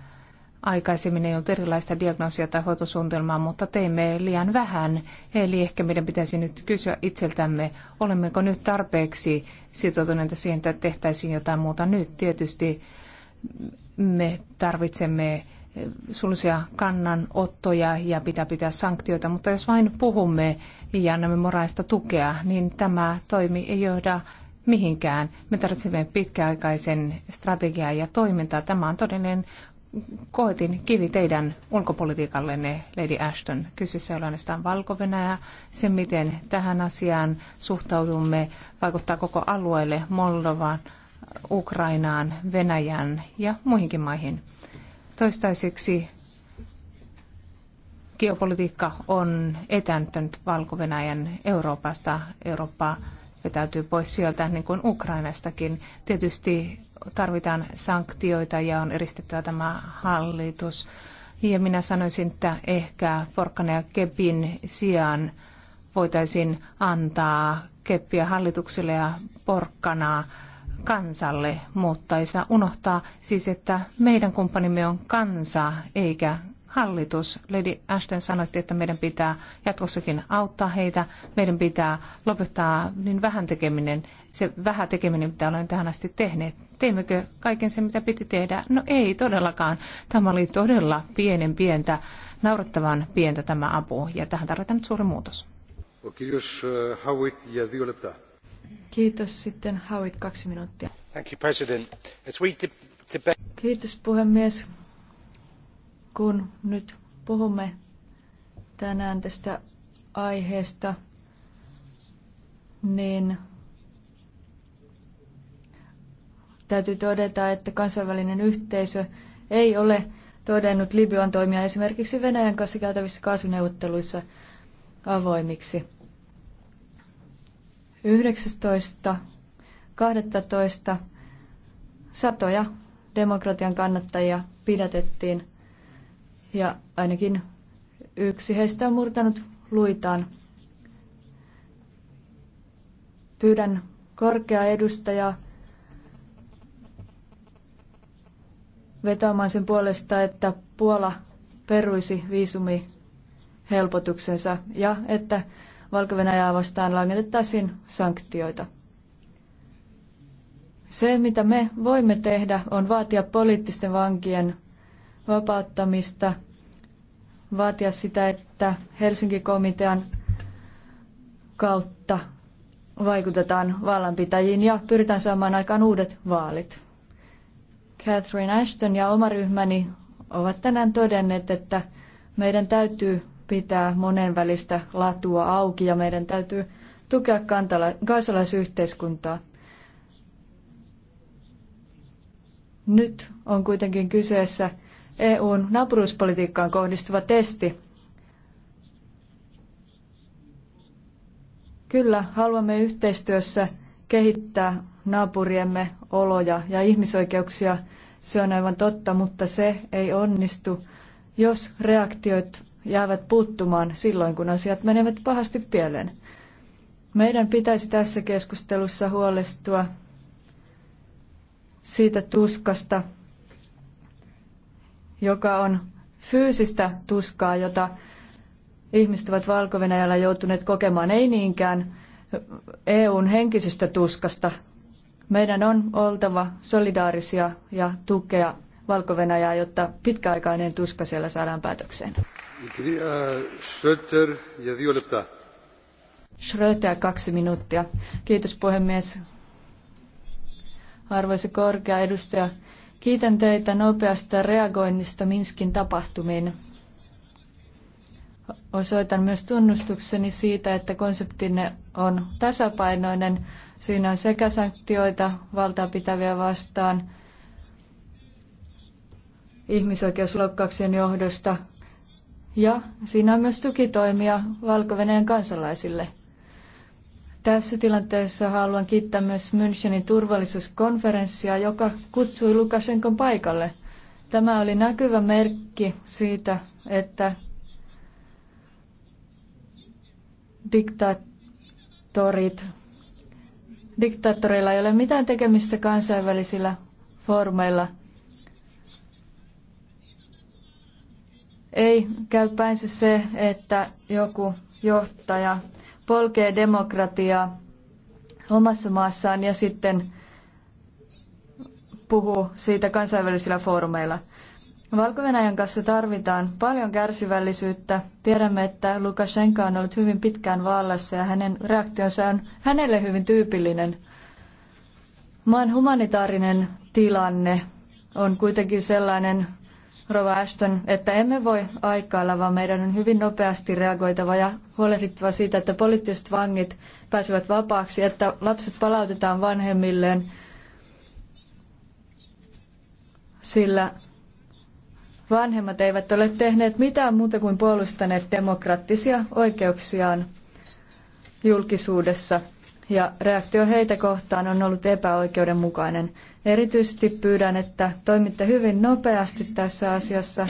Aikaisemmin ei ollut erilaista diagnoosia tai hoitosuunnitelmaa, mutta teimme liian vähän. Eli ehkä meidän pitäisi nyt kysyä itseltämme, olemmeko nyt tarpeeksi sitoutuneita siihen, että tehtäisiin jotain muuta nyt. Tietysti me tarvitsemme sullisia kannanottoja ja pitää pitää sanktioita, mutta jos vain puhumme ja annamme moraista tukea, niin tämä toimi ei johda mihinkään. Me tarvitsemme pitkäaikaisen strategiaa ja toimintaa. Tämä on todellinen koetin kivi teidän ulkopolitiikallenne, Lady Ashton. Kyseessä on ainoastaan valko -Venäjä. Se, miten tähän asiaan suhtaudumme, vaikuttaa koko alueelle, Moldovaan, Ukrainaan, Venäjään ja muihinkin maihin. Toistaiseksi geopolitiikka on etääntynyt valko Euroopasta, Eurooppaa vetäytyy pois sieltä, niin kuin Ukrainastakin. Tietysti tarvitaan sanktioita ja on eristettävä tämä hallitus. Ja minä sanoisin, että ehkä porkkana ja kepin sijaan voitaisiin antaa keppiä hallitukselle ja porkkanaa kansalle, mutta ei saa unohtaa siis, että meidän kumppanimme on kansa eikä hallitus. Lady Ashton sanoitti, että meidän pitää jatkossakin auttaa heitä. Meidän pitää lopettaa niin vähän tekeminen, se vähä tekeminen, mitä olen tähän asti tehnyt. Teimmekö kaiken sen, mitä piti tehdä? No ei todellakaan. Tämä oli todella pienen pientä, naurettavan pientä tämä apu, ja tähän tarvitaan nyt suuri muutos. Uh, Kiitos sitten Howitt kaksi minuuttia. Kiitos puhemies kun nyt puhumme tänään tästä aiheesta, niin täytyy todeta, että kansainvälinen yhteisö ei ole todennut Libyan toimia esimerkiksi Venäjän kanssa käytävissä kaasuneuvotteluissa avoimiksi. 19.12. satoja demokratian kannattajia pidätettiin ja ainakin yksi heistä on murtanut luitaan. Pyydän korkea edustaja vetoamaan sen puolesta, että Puola peruisi viisumi helpotuksensa ja että valko vastaan langetettaisiin sanktioita. Se, mitä me voimme tehdä, on vaatia poliittisten vankien vapauttamista, vaatia sitä, että Helsinki-komitean kautta vaikutetaan vallanpitäjiin ja pyritään saamaan aikaan uudet vaalit. Catherine Ashton ja oma ryhmäni ovat tänään todenneet, että meidän täytyy pitää monenvälistä latua auki ja meidän täytyy tukea kansalaisyhteiskuntaa. Nyt on kuitenkin kyseessä EUn naapuruuspolitiikkaan kohdistuva testi. Kyllä, haluamme yhteistyössä kehittää naapuriemme oloja ja ihmisoikeuksia, se on aivan totta, mutta se ei onnistu, jos reaktiot jäävät puuttumaan silloin, kun asiat menevät pahasti pieleen. Meidän pitäisi tässä keskustelussa huolestua siitä tuskasta, joka on fyysistä tuskaa, jota ihmiset ovat valko joutuneet kokemaan, ei niinkään EUn henkisestä tuskasta. Meidän on oltava solidaarisia ja tukea valko jotta pitkäaikainen tuska siellä saadaan päätökseen. Schröter, ja Schröter, kaksi minuuttia. Kiitos puhemies. Arvoisa korkea edustaja, Kiitän teitä nopeasta reagoinnista Minskin tapahtumiin. Osoitan myös tunnustukseni siitä, että konseptinne on tasapainoinen. Siinä on sekä sanktioita valtaa pitäviä vastaan ihmisoikeusloukkauksien johdosta, ja siinä on myös tukitoimia valko kansalaisille – tässä tilanteessa haluan kiittää myös Münchenin turvallisuuskonferenssia, joka kutsui Lukashenkon paikalle. Tämä oli näkyvä merkki siitä, että diktaattorit, diktaattoreilla ei ole mitään tekemistä kansainvälisillä formeilla. Ei käy päinsä se, että joku johtaja polkee demokratiaa omassa maassaan ja sitten puhuu siitä kansainvälisillä foorumeilla. valko kanssa tarvitaan paljon kärsivällisyyttä. Tiedämme, että Lukashenka on ollut hyvin pitkään vallassa ja hänen reaktionsa on hänelle hyvin tyypillinen. Maan humanitaarinen tilanne on kuitenkin sellainen, Rova Ashton, että emme voi aikailla, vaan meidän on hyvin nopeasti reagoitava ja huolehdittava siitä, että poliittiset vangit pääsevät vapaaksi, että lapset palautetaan vanhemmilleen, sillä vanhemmat eivät ole tehneet mitään muuta kuin puolustaneet demokraattisia oikeuksiaan julkisuudessa ja reaktio heitä kohtaan on ollut epäoikeudenmukainen. Erityisesti pyydän, että toimitte hyvin nopeasti tässä asiassa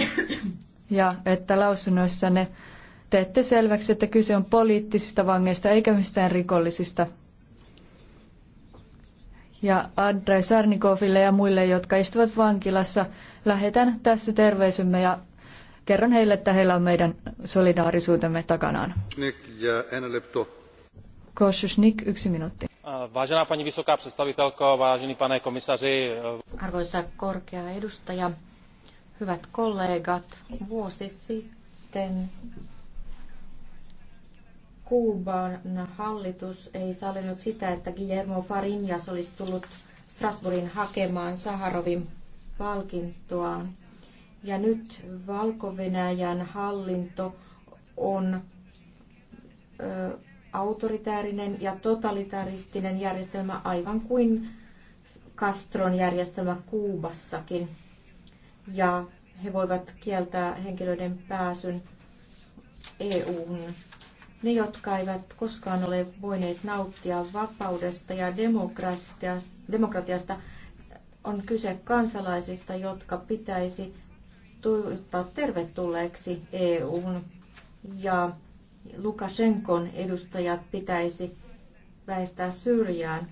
ja että lausunnoissanne teette selväksi, että kyse on poliittisista vangeista eikä mistään rikollisista. Ja Andrei Sarnikoville ja muille, jotka istuvat vankilassa, lähetän tässä terveisemme ja kerron heille, että heillä on meidän solidaarisuutemme takanaan. Ja Košusnik, yksi minuutti. Vážená paní vysoká představitelko, vážený pane komisaři. Arvoisa korkea edustaja, hyvät kollegat, vuosi sitten Kuuban hallitus ei sallinut sitä, että Guillermo Farinjas olisi tullut Strasbourgin hakemaan Saharovin palkintoa. Ja nyt valko hallinto on ö, autoritäärinen ja totalitaristinen järjestelmä, aivan kuin Castron järjestelmä Kuubassakin. Ja he voivat kieltää henkilöiden pääsyn EU-hun. Ne, jotka eivät koskaan ole voineet nauttia vapaudesta ja demokratiasta, on kyse kansalaisista, jotka pitäisi tuottaa tervetulleeksi EU:hun Ja Lukashenkon edustajat pitäisi väistää syrjään.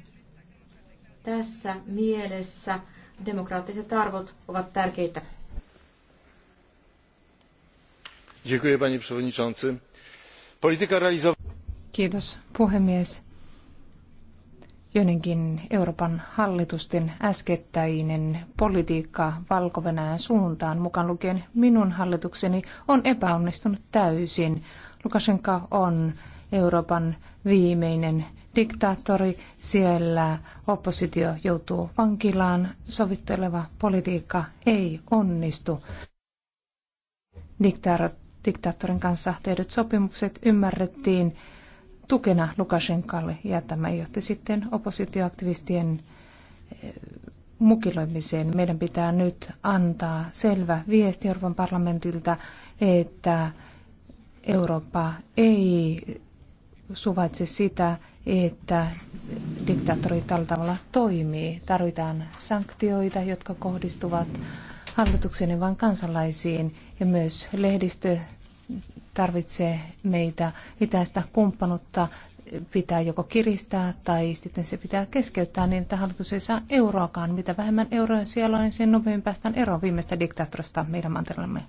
Tässä mielessä demokraattiset arvot ovat tärkeitä. Kiitos puhemies. Joidenkin Euroopan hallitusten äskettäinen politiikka valko suuntaan, mukaan lukien minun hallitukseni, on epäonnistunut täysin. Lukashenka on Euroopan viimeinen diktaattori. Siellä oppositio joutuu vankilaan. Sovitteleva politiikka ei onnistu. Diktaar, diktaattorin kanssa tehdyt sopimukset ymmärrettiin tukena Lukashenkalle ja tämä johti sitten oppositioaktivistien eh, mukiloimiseen. Meidän pitää nyt antaa selvä viesti Euroopan parlamentilta, että Eurooppa ei suvaitse sitä, että diktaattori tällä tavalla toimii. Tarvitaan sanktioita, jotka kohdistuvat hallituksen vain kansalaisiin ja myös lehdistö tarvitsee meitä itäistä kumppanuutta pitää joko kiristää tai sitten se pitää keskeyttää niin, että hallitus ei saa euroakaan. Mitä vähemmän euroja siellä on, niin sen nopeammin päästään eroon viimeistä diktaattorista meidän manterellamme.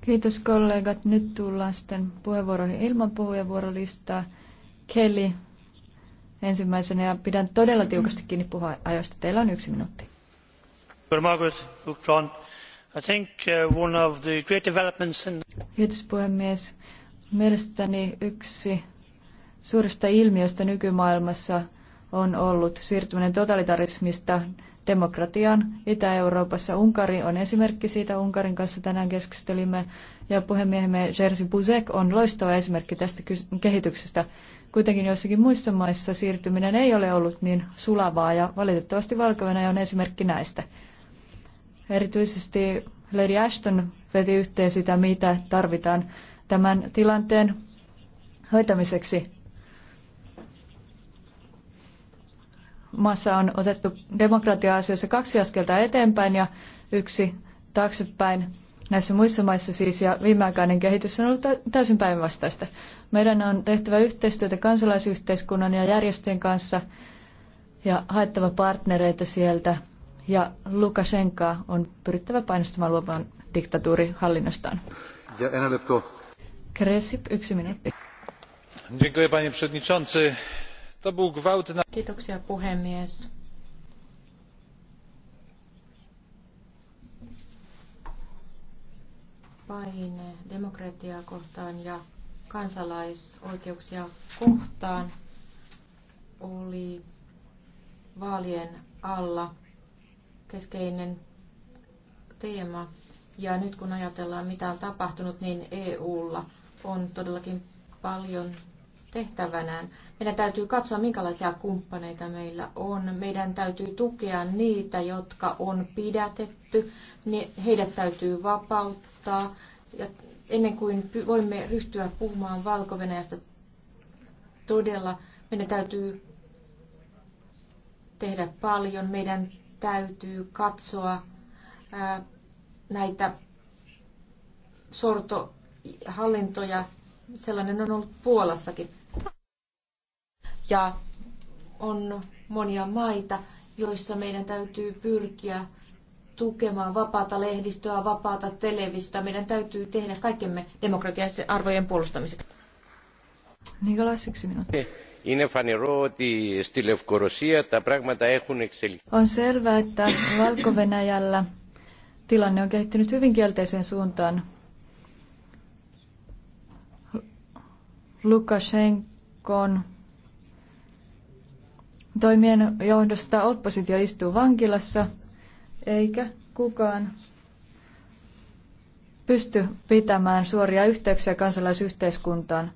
Kiitos kollegat. Nyt tullaan sitten puheenvuoroihin ilman puheenvuorolistaa. Kelly ensimmäisenä ja pidän todella tiukasti kiinni puheajoista. Teillä on yksi minuutti. Kiitos puhemies. Mielestäni yksi suurista ilmiöistä nykymaailmassa on ollut siirtyminen totalitarismista demokratian Itä-Euroopassa. Unkari on esimerkki siitä. Unkarin kanssa tänään keskustelimme ja puhemiehemme Jerzy Buzek on loistava esimerkki tästä kehityksestä. Kuitenkin joissakin muissa maissa siirtyminen ei ole ollut niin sulavaa ja valitettavasti valko on esimerkki näistä. Erityisesti Lady Ashton veti yhteen sitä, mitä tarvitaan tämän tilanteen hoitamiseksi. maassa on otettu demokratia-asioissa kaksi askelta eteenpäin ja yksi taaksepäin näissä muissa maissa siis, ja viimeaikainen kehitys on ollut täysin päinvastaista. Meidän on tehtävä yhteistyötä kansalaisyhteiskunnan ja järjestöjen kanssa ja haettava partnereita sieltä, ja Lukashenkaa on pyrittävä painostamaan luopumaan diktatuurihallinnostaan. Ja Kresip, yksi minuutti. Dziękuję, panie przewodniczący. Kiitoksia puhemies. Paine demokratiaa kohtaan ja kansalaisoikeuksia kohtaan oli vaalien alla keskeinen teema. Ja nyt kun ajatellaan, mitä on tapahtunut, niin EUlla on todellakin paljon tehtävänään. Meidän täytyy katsoa, minkälaisia kumppaneita meillä on. Meidän täytyy tukea niitä, jotka on pidätetty. Heidät täytyy vapauttaa. Ja ennen kuin voimme ryhtyä puhumaan valko todella, meidän täytyy tehdä paljon. Meidän täytyy katsoa ää, näitä sortohallintoja. Sellainen on ollut Puolassakin. Ja on monia maita, joissa meidän täytyy pyrkiä tukemaan vapaata lehdistöä, vapaata televisiota. Meidän täytyy tehdä kaikkemme demokratian arvojen puolustamiseksi. Nikolas, yksi minuutti. Είναι φανερό ότι στη Λευκορωσία τα πράγματα έχουν On selvää, että valko tilanne on kehittynyt hyvin kielteiseen suuntaan. Lukashenkon toimien johdosta oppositio istuu vankilassa, eikä kukaan pysty pitämään suoria yhteyksiä kansalaisyhteiskuntaan.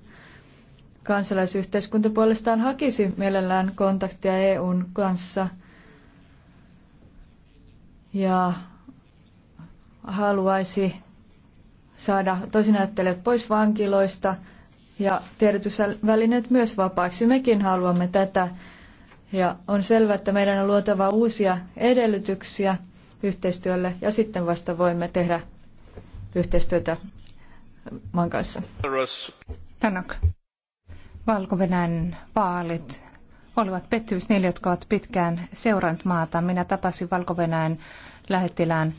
Kansalaisyhteiskunta puolestaan hakisi mielellään kontaktia EUn kanssa ja haluaisi saada toisinajattelijat pois vankiloista ja tiedotusvälineet myös vapaaksi. Mekin haluamme tätä ja on selvää, että meidän on luotava uusia edellytyksiä yhteistyölle ja sitten vasta voimme tehdä yhteistyötä maan kanssa. Tanok. valko vaalit olivat pettymys niille, jotka ovat pitkään seurannut maata. Minä tapasin valko lähettilään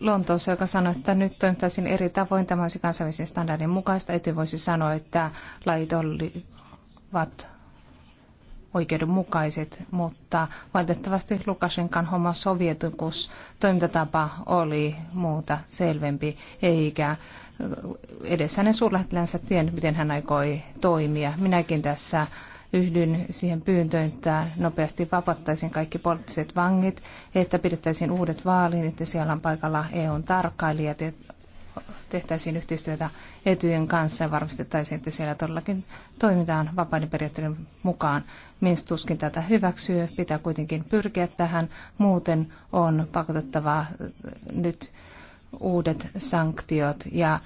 Lontoossa, joka sanoi, että nyt toimittaisiin eri tavoin. Tämä olisi kansainvälisen standardin mukaista. Ety voisi sanoa, että lait olivat oikeudenmukaiset, mutta valitettavasti Lukashenkan homma sovietukus toimintatapa oli muuta selvempi, eikä edes hänen suurlähettilänsä tiennyt, miten hän aikoi toimia. Minäkin tässä yhdyn siihen pyyntöön, että nopeasti vapauttaisiin kaikki poliittiset vangit, että pidettäisiin uudet vaalit, että siellä on paikalla EUn tarkkailijat, tehtäisiin yhteistyötä etyjen kanssa ja varmistettaisiin, että siellä todellakin toimitaan vapaiden periaatteiden mukaan. Minst tuskin tätä hyväksyy, pitää kuitenkin pyrkiä tähän, muuten on pakotettava nyt uudet sanktiot ja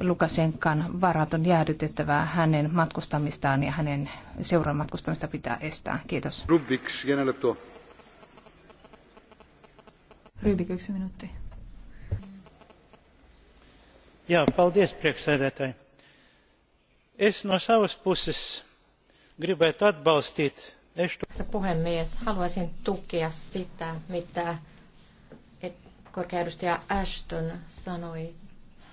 Lukashenkan varat on jäädytettävää hänen matkustamistaan ja hänen seuraan matkustamista pitää estää. Kiitos. Rubiks, Rybik, yksi minuutti paldies, Es no savas puses gribētu atbalstīt puhemies, haluaisin tukea sitä, mitä korkeudustaja Ashton sanoi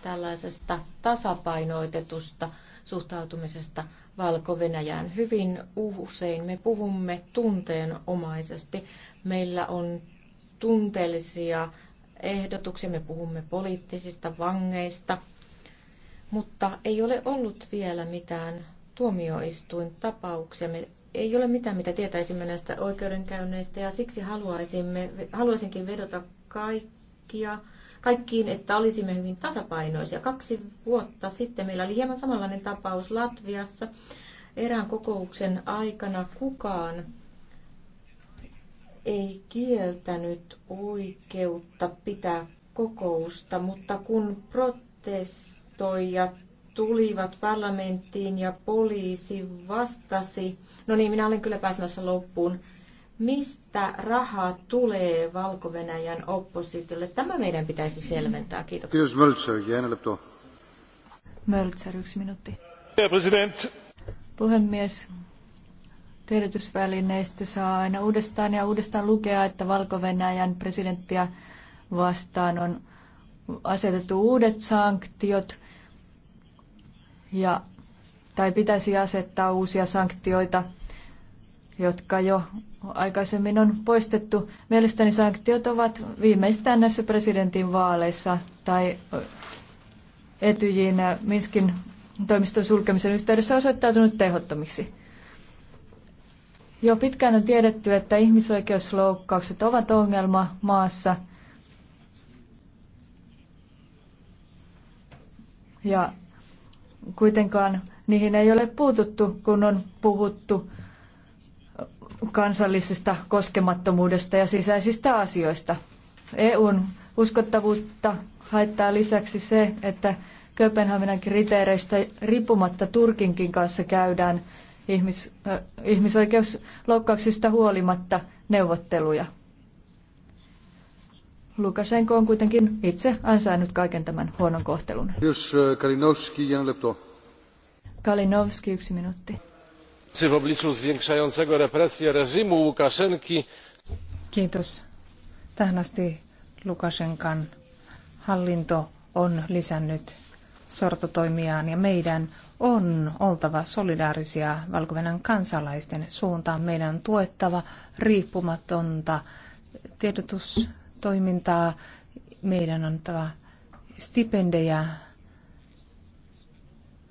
tällaisesta tasapainoitetusta suhtautumisesta Valko-Venäjään. Hyvin usein me puhumme tunteenomaisesti. Meillä on tunteellisia ehdotuksia, me puhumme poliittisista vangeista, mutta ei ole ollut vielä mitään tapauksia. Me ei ole mitään, mitä tietäisimme näistä oikeudenkäynneistä ja siksi haluaisimme, haluaisinkin vedota kaikkia, kaikkiin, että olisimme hyvin tasapainoisia. Kaksi vuotta sitten meillä oli hieman samanlainen tapaus Latviassa. Erään kokouksen aikana kukaan ei kieltänyt oikeutta pitää kokousta, mutta kun protestoijat tulivat parlamenttiin ja poliisi vastasi, no niin, minä olen kyllä pääsemässä loppuun, mistä raha tulee valko oppositiolle? Tämä meidän pitäisi selventää. Kiitos. Kiitos Möltser, Möltser, yksi minuutti. Puhemies, tiedotusvälineistä saa aina uudestaan ja uudestaan lukea, että Valko-Venäjän presidenttiä vastaan on asetettu uudet sanktiot ja, tai pitäisi asettaa uusia sanktioita, jotka jo aikaisemmin on poistettu. Mielestäni sanktiot ovat viimeistään näissä presidentin vaaleissa tai Etyjin Minskin toimiston sulkemisen yhteydessä osoittautunut tehottomiksi. Jo pitkään on tiedetty, että ihmisoikeusloukkaukset ovat ongelma maassa. Ja kuitenkaan niihin ei ole puututtu, kun on puhuttu kansallisesta koskemattomuudesta ja sisäisistä asioista. EUn uskottavuutta haittaa lisäksi se, että Kööpenhaminan kriteereistä riippumatta Turkinkin kanssa käydään ihmis, äh, ihmisoikeusloukkauksista huolimatta neuvotteluja. Lukashenko on kuitenkin itse ansainnut kaiken tämän huonon kohtelun. Jos e, Kalinowski, Kalinowski, yksi minuutti. W obliczu zwiększającego represję reżimu Łukaszenki. Kiitos. Tähän asti Lukashenkan hallinto on lisännyt sortotoimiaan ja meidän on oltava solidaarisia valko kansalaisten suuntaan. Meidän on tuettava riippumatonta tiedotustoimintaa, meidän on antava stipendejä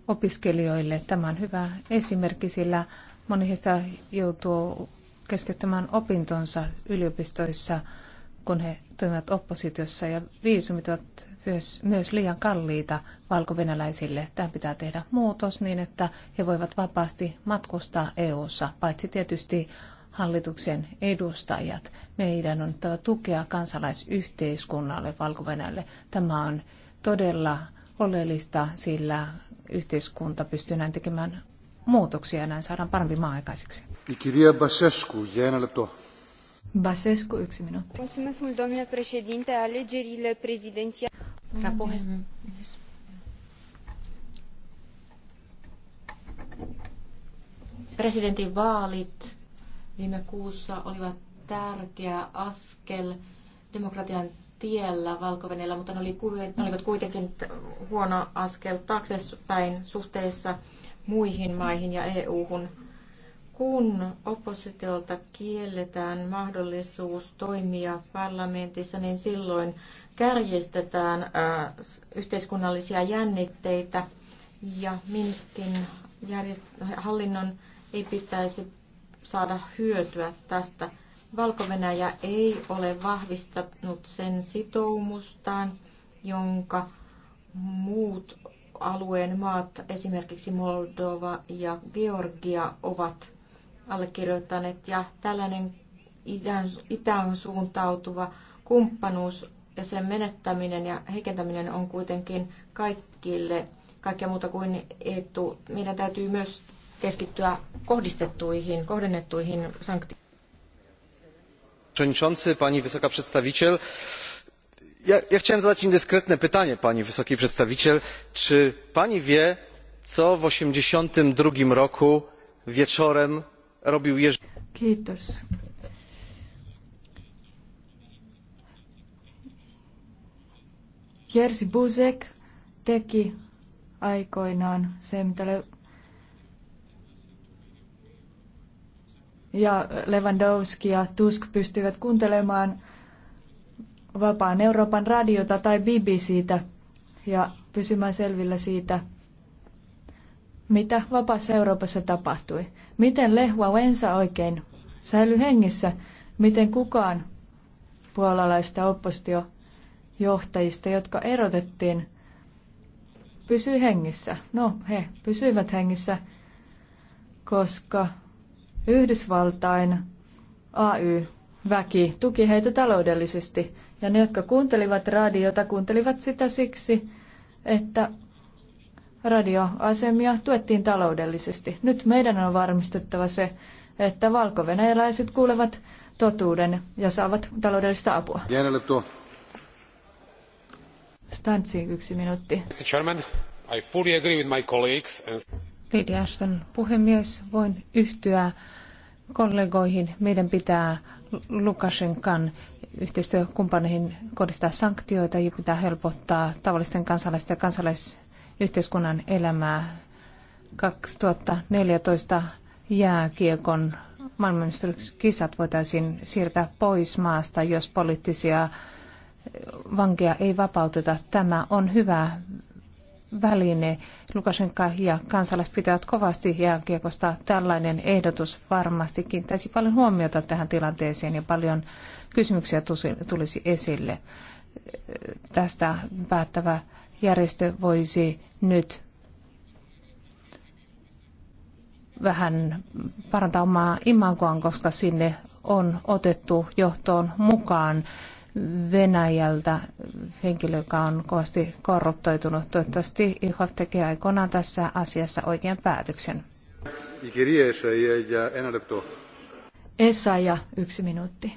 opiskelijoille. Tämä on hyvä esimerkki, sillä moni heistä joutuu keskittämään opintonsa yliopistoissa – kun he toimivat oppositiossa ja viisumit ovat myös, myös liian kalliita valkovenäläisille. tämä pitää tehdä muutos niin, että he voivat vapaasti matkustaa EU-ssa, paitsi tietysti hallituksen edustajat. Meidän on tämä tukea kansalaisyhteiskunnalle valko -Venäjälle. Tämä on todella oleellista, sillä yhteiskunta pystyy näin tekemään muutoksia ja näin saadaan parempi maa aikaiseksi. Basescu, yksi minuutti. Mulțumesc domnule președinte. Alegerile prezidențiale... Presidentin vaalit viime kuussa olivat tärkeä askel demokratian tiellä valko mutta oli, ne olivat kuitenkin huono askel taaksepäin suhteessa muihin maihin ja EU-hun kun oppositiolta kielletään mahdollisuus toimia parlamentissa, niin silloin kärjistetään yhteiskunnallisia jännitteitä ja Minskin järjest- hallinnon ei pitäisi saada hyötyä tästä. valko ei ole vahvistanut sen sitoumustaan, jonka muut alueen maat, esimerkiksi Moldova ja Georgia, ovat allekirjoittaneet ja tällainen itään, itään suuntautuva kumppanuus ja sen menettäminen ja heikentäminen on kuitenkin kaikille kaikkea muuta kuin etu. Meidän täytyy myös keskittyä kohdistettuihin, kohdennettuihin sanktioihin. pani Ja, ja chciałem zadać indyskretne pytanie pani wysokiej przedstawiciel. Czy pani wie, co w 1982 roku wieczorem robił Kiitos. Jerzy Buzek teki aikoinaan se, mitä Le- ja Lewandowski ja Tusk pystyivät kuuntelemaan Vapaan Euroopan radiota tai BBCtä ja pysymään selvillä siitä, mitä vapaassa Euroopassa tapahtui. Miten Lehua Wensa oikein säilyi hengissä, miten kukaan puolalaista oppositiojohtajista, jotka erotettiin, pysyi hengissä. No, he pysyivät hengissä, koska Yhdysvaltain AY-väki tuki heitä taloudellisesti. Ja ne, jotka kuuntelivat radiota, kuuntelivat sitä siksi, että radioasemia tuettiin taloudellisesti. Nyt meidän on varmistettava se, että valkovenäläiset kuulevat totuuden ja saavat taloudellista apua. Stantsi, yksi minuutti. Mr. Chairman, I fully agree with my colleagues and... Lady Ashton, puhemies, voin yhtyä kollegoihin. Meidän pitää Lukashenkan yhteistyökumppaneihin kohdistaa sanktioita ja pitää helpottaa tavallisten kansalaisten ja kansalais yhteiskunnan elämää. 2014 jääkiekon maailmanmestaruuskisat voitaisiin siirtää pois maasta, jos poliittisia eh, vankeja ei vapauteta. Tämä on hyvä väline. Lukashenka ja kansalaiset pitävät kovasti jääkiekosta. Tällainen ehdotus varmasti kiinnittäisi paljon huomiota tähän tilanteeseen ja paljon kysymyksiä tulisi esille. Eh, tästä päättävä järjestö voisi nyt vähän parantaa omaa imagoaan, koska sinne on otettu johtoon mukaan Venäjältä henkilö, joka on kovasti korruptoitunut. Toivottavasti IHF tekee aikoinaan tässä asiassa oikean päätöksen. ja yksi minuutti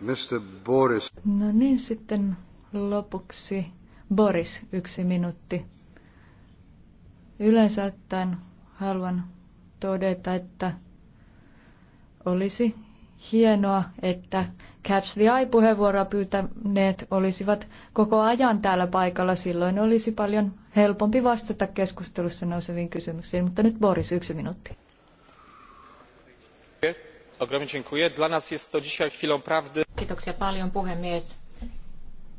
Mr. Boris. No niin, sitten lopuksi Boris, yksi minuutti. Yleensä ottaen haluan todeta, että olisi hienoa, että Catch the Eye-puheenvuoroa pyytäneet olisivat koko ajan täällä paikalla. Silloin olisi paljon helpompi vastata keskustelussa nouseviin kysymyksiin. Mutta nyt Boris, yksi minuutti. Dla nas jest to dzisiaj chwilą prawdy. Kiitoksia paljon puhemies.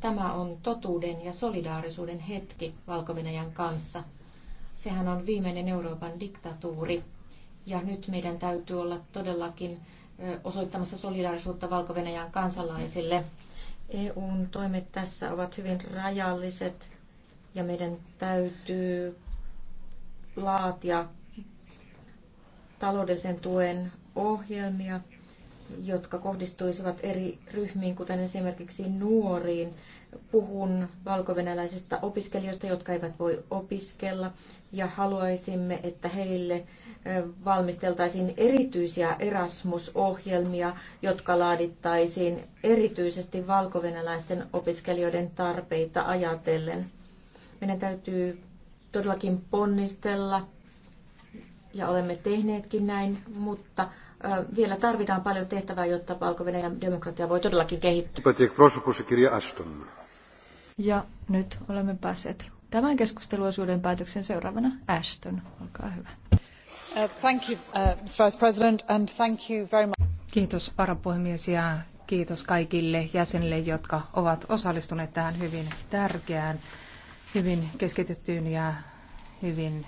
Tämä on totuuden ja solidaarisuuden hetki valko kanssa. Sehän on viimeinen Euroopan diktatuuri. Ja nyt meidän täytyy olla todellakin osoittamassa solidaarisuutta valko kansalaisille. EUn toimet tässä ovat hyvin rajalliset ja meidän täytyy laatia taloudellisen tuen ohjelmia, jotka kohdistuisivat eri ryhmiin, kuten esimerkiksi nuoriin. Puhun valkovenäläisistä opiskelijoista, jotka eivät voi opiskella, ja haluaisimme, että heille valmisteltaisiin erityisiä Erasmus-ohjelmia, jotka laadittaisiin erityisesti valkovenäläisten opiskelijoiden tarpeita ajatellen. Meidän täytyy todellakin ponnistella ja olemme tehneetkin näin, mutta vielä tarvitaan paljon tehtävää, jotta valko demokratia voi todellakin kehittyä. Ja nyt olemme päässeet tämän keskusteluosuuden päätöksen seuraavana. Ashton, olkaa hyvä. Uh, thank you, uh, Vice President, and thank you very much. Kiitos varapuhemies ja kiitos kaikille jäsenille, jotka ovat osallistuneet tähän hyvin tärkeään, hyvin keskitettyyn ja hyvin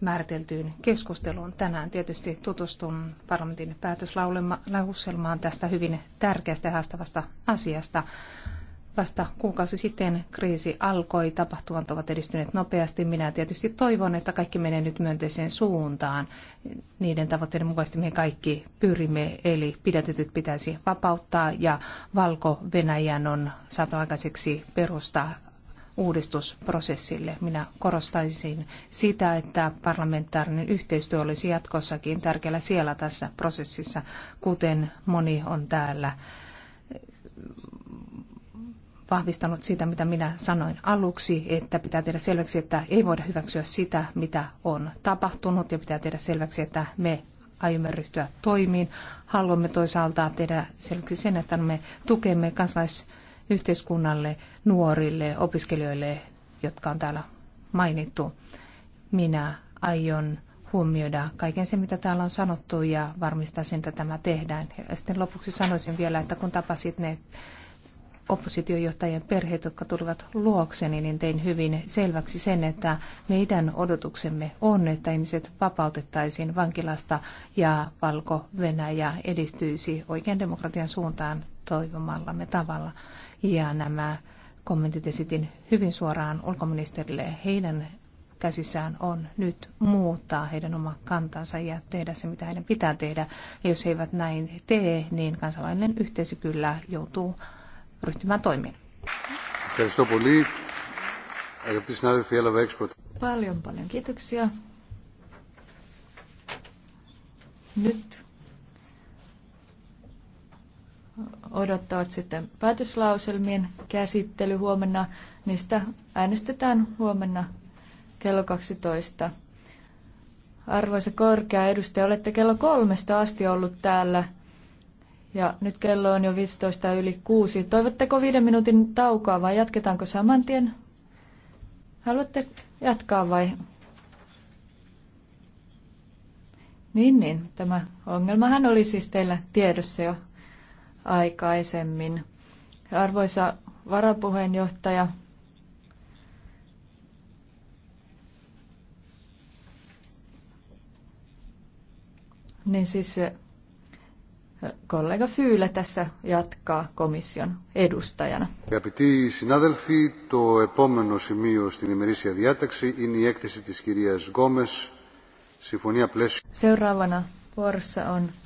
määriteltyyn keskusteluun. Tänään tietysti tutustun parlamentin päätöslauselmaan tästä hyvin tärkeästä ja haastavasta asiasta. Vasta kuukausi sitten kriisi alkoi, tapahtumat ovat edistyneet nopeasti. Minä tietysti toivon, että kaikki menee nyt myönteiseen suuntaan. Niiden tavoitteiden mukaisesti me kaikki pyrimme, eli pidätetyt pitäisi vapauttaa ja Valko-Venäjän on saatu aikaiseksi perustaa uudistusprosessille. Minä korostaisin sitä, että parlamentaarinen yhteistyö olisi jatkossakin tärkeällä siellä tässä prosessissa, kuten moni on täällä eh, vahvistanut sitä, mitä minä sanoin aluksi, että pitää tehdä selväksi, että ei voida hyväksyä sitä, mitä on tapahtunut, ja pitää tehdä selväksi, että me aiomme ryhtyä toimiin. Haluamme toisaalta tehdä selväksi sen, että me tukemme kansalais yhteiskunnalle, nuorille, opiskelijoille, jotka on täällä mainittu. Minä aion huomioida kaiken sen, mitä täällä on sanottu ja varmistaa sen, että tämä tehdään. Ja sitten lopuksi sanoisin vielä, että kun tapasit ne oppositiojohtajien perheet, jotka tulivat luokseni, niin tein hyvin selväksi sen, että meidän odotuksemme on, että ihmiset vapautettaisiin vankilasta ja Valko-Venäjä edistyisi oikean demokratian suuntaan toivomallamme tavalla ja nämä kommentit esitin hyvin suoraan ulkoministerille. Heidän käsissään on nyt muuttaa heidän oma kantansa ja tehdä se, mitä heidän pitää tehdä. Ja jos he eivät näin tee, niin kansainvälinen yhteisö kyllä joutuu ryhtymään toimiin. Paljon, paljon kiitoksia. Nyt odottavat sitten päätöslauselmien käsittely huomenna. Niistä äänestetään huomenna kello 12. Arvoisa korkea edustaja, olette kello kolmesta asti ollut täällä ja nyt kello on jo 15 yli kuusi. Toivotteko viiden minuutin taukoa vai jatketaanko saman tien? Haluatte jatkaa vai? Niin, niin. Tämä ongelmahan oli siis teillä tiedossa jo aikaisemmin. Arvoisa varapuheenjohtaja, niin siis eh, kollega Fyyle tässä jatkaa komission edustajana. Αγαπητοί συνάδελφοι, το επόμενο σημείο στην ημερήσια διάταξη είναι η έκθεση της κυρίας Γκόμες, συμφωνία πλαίσιο. Seuraavana vuorossa on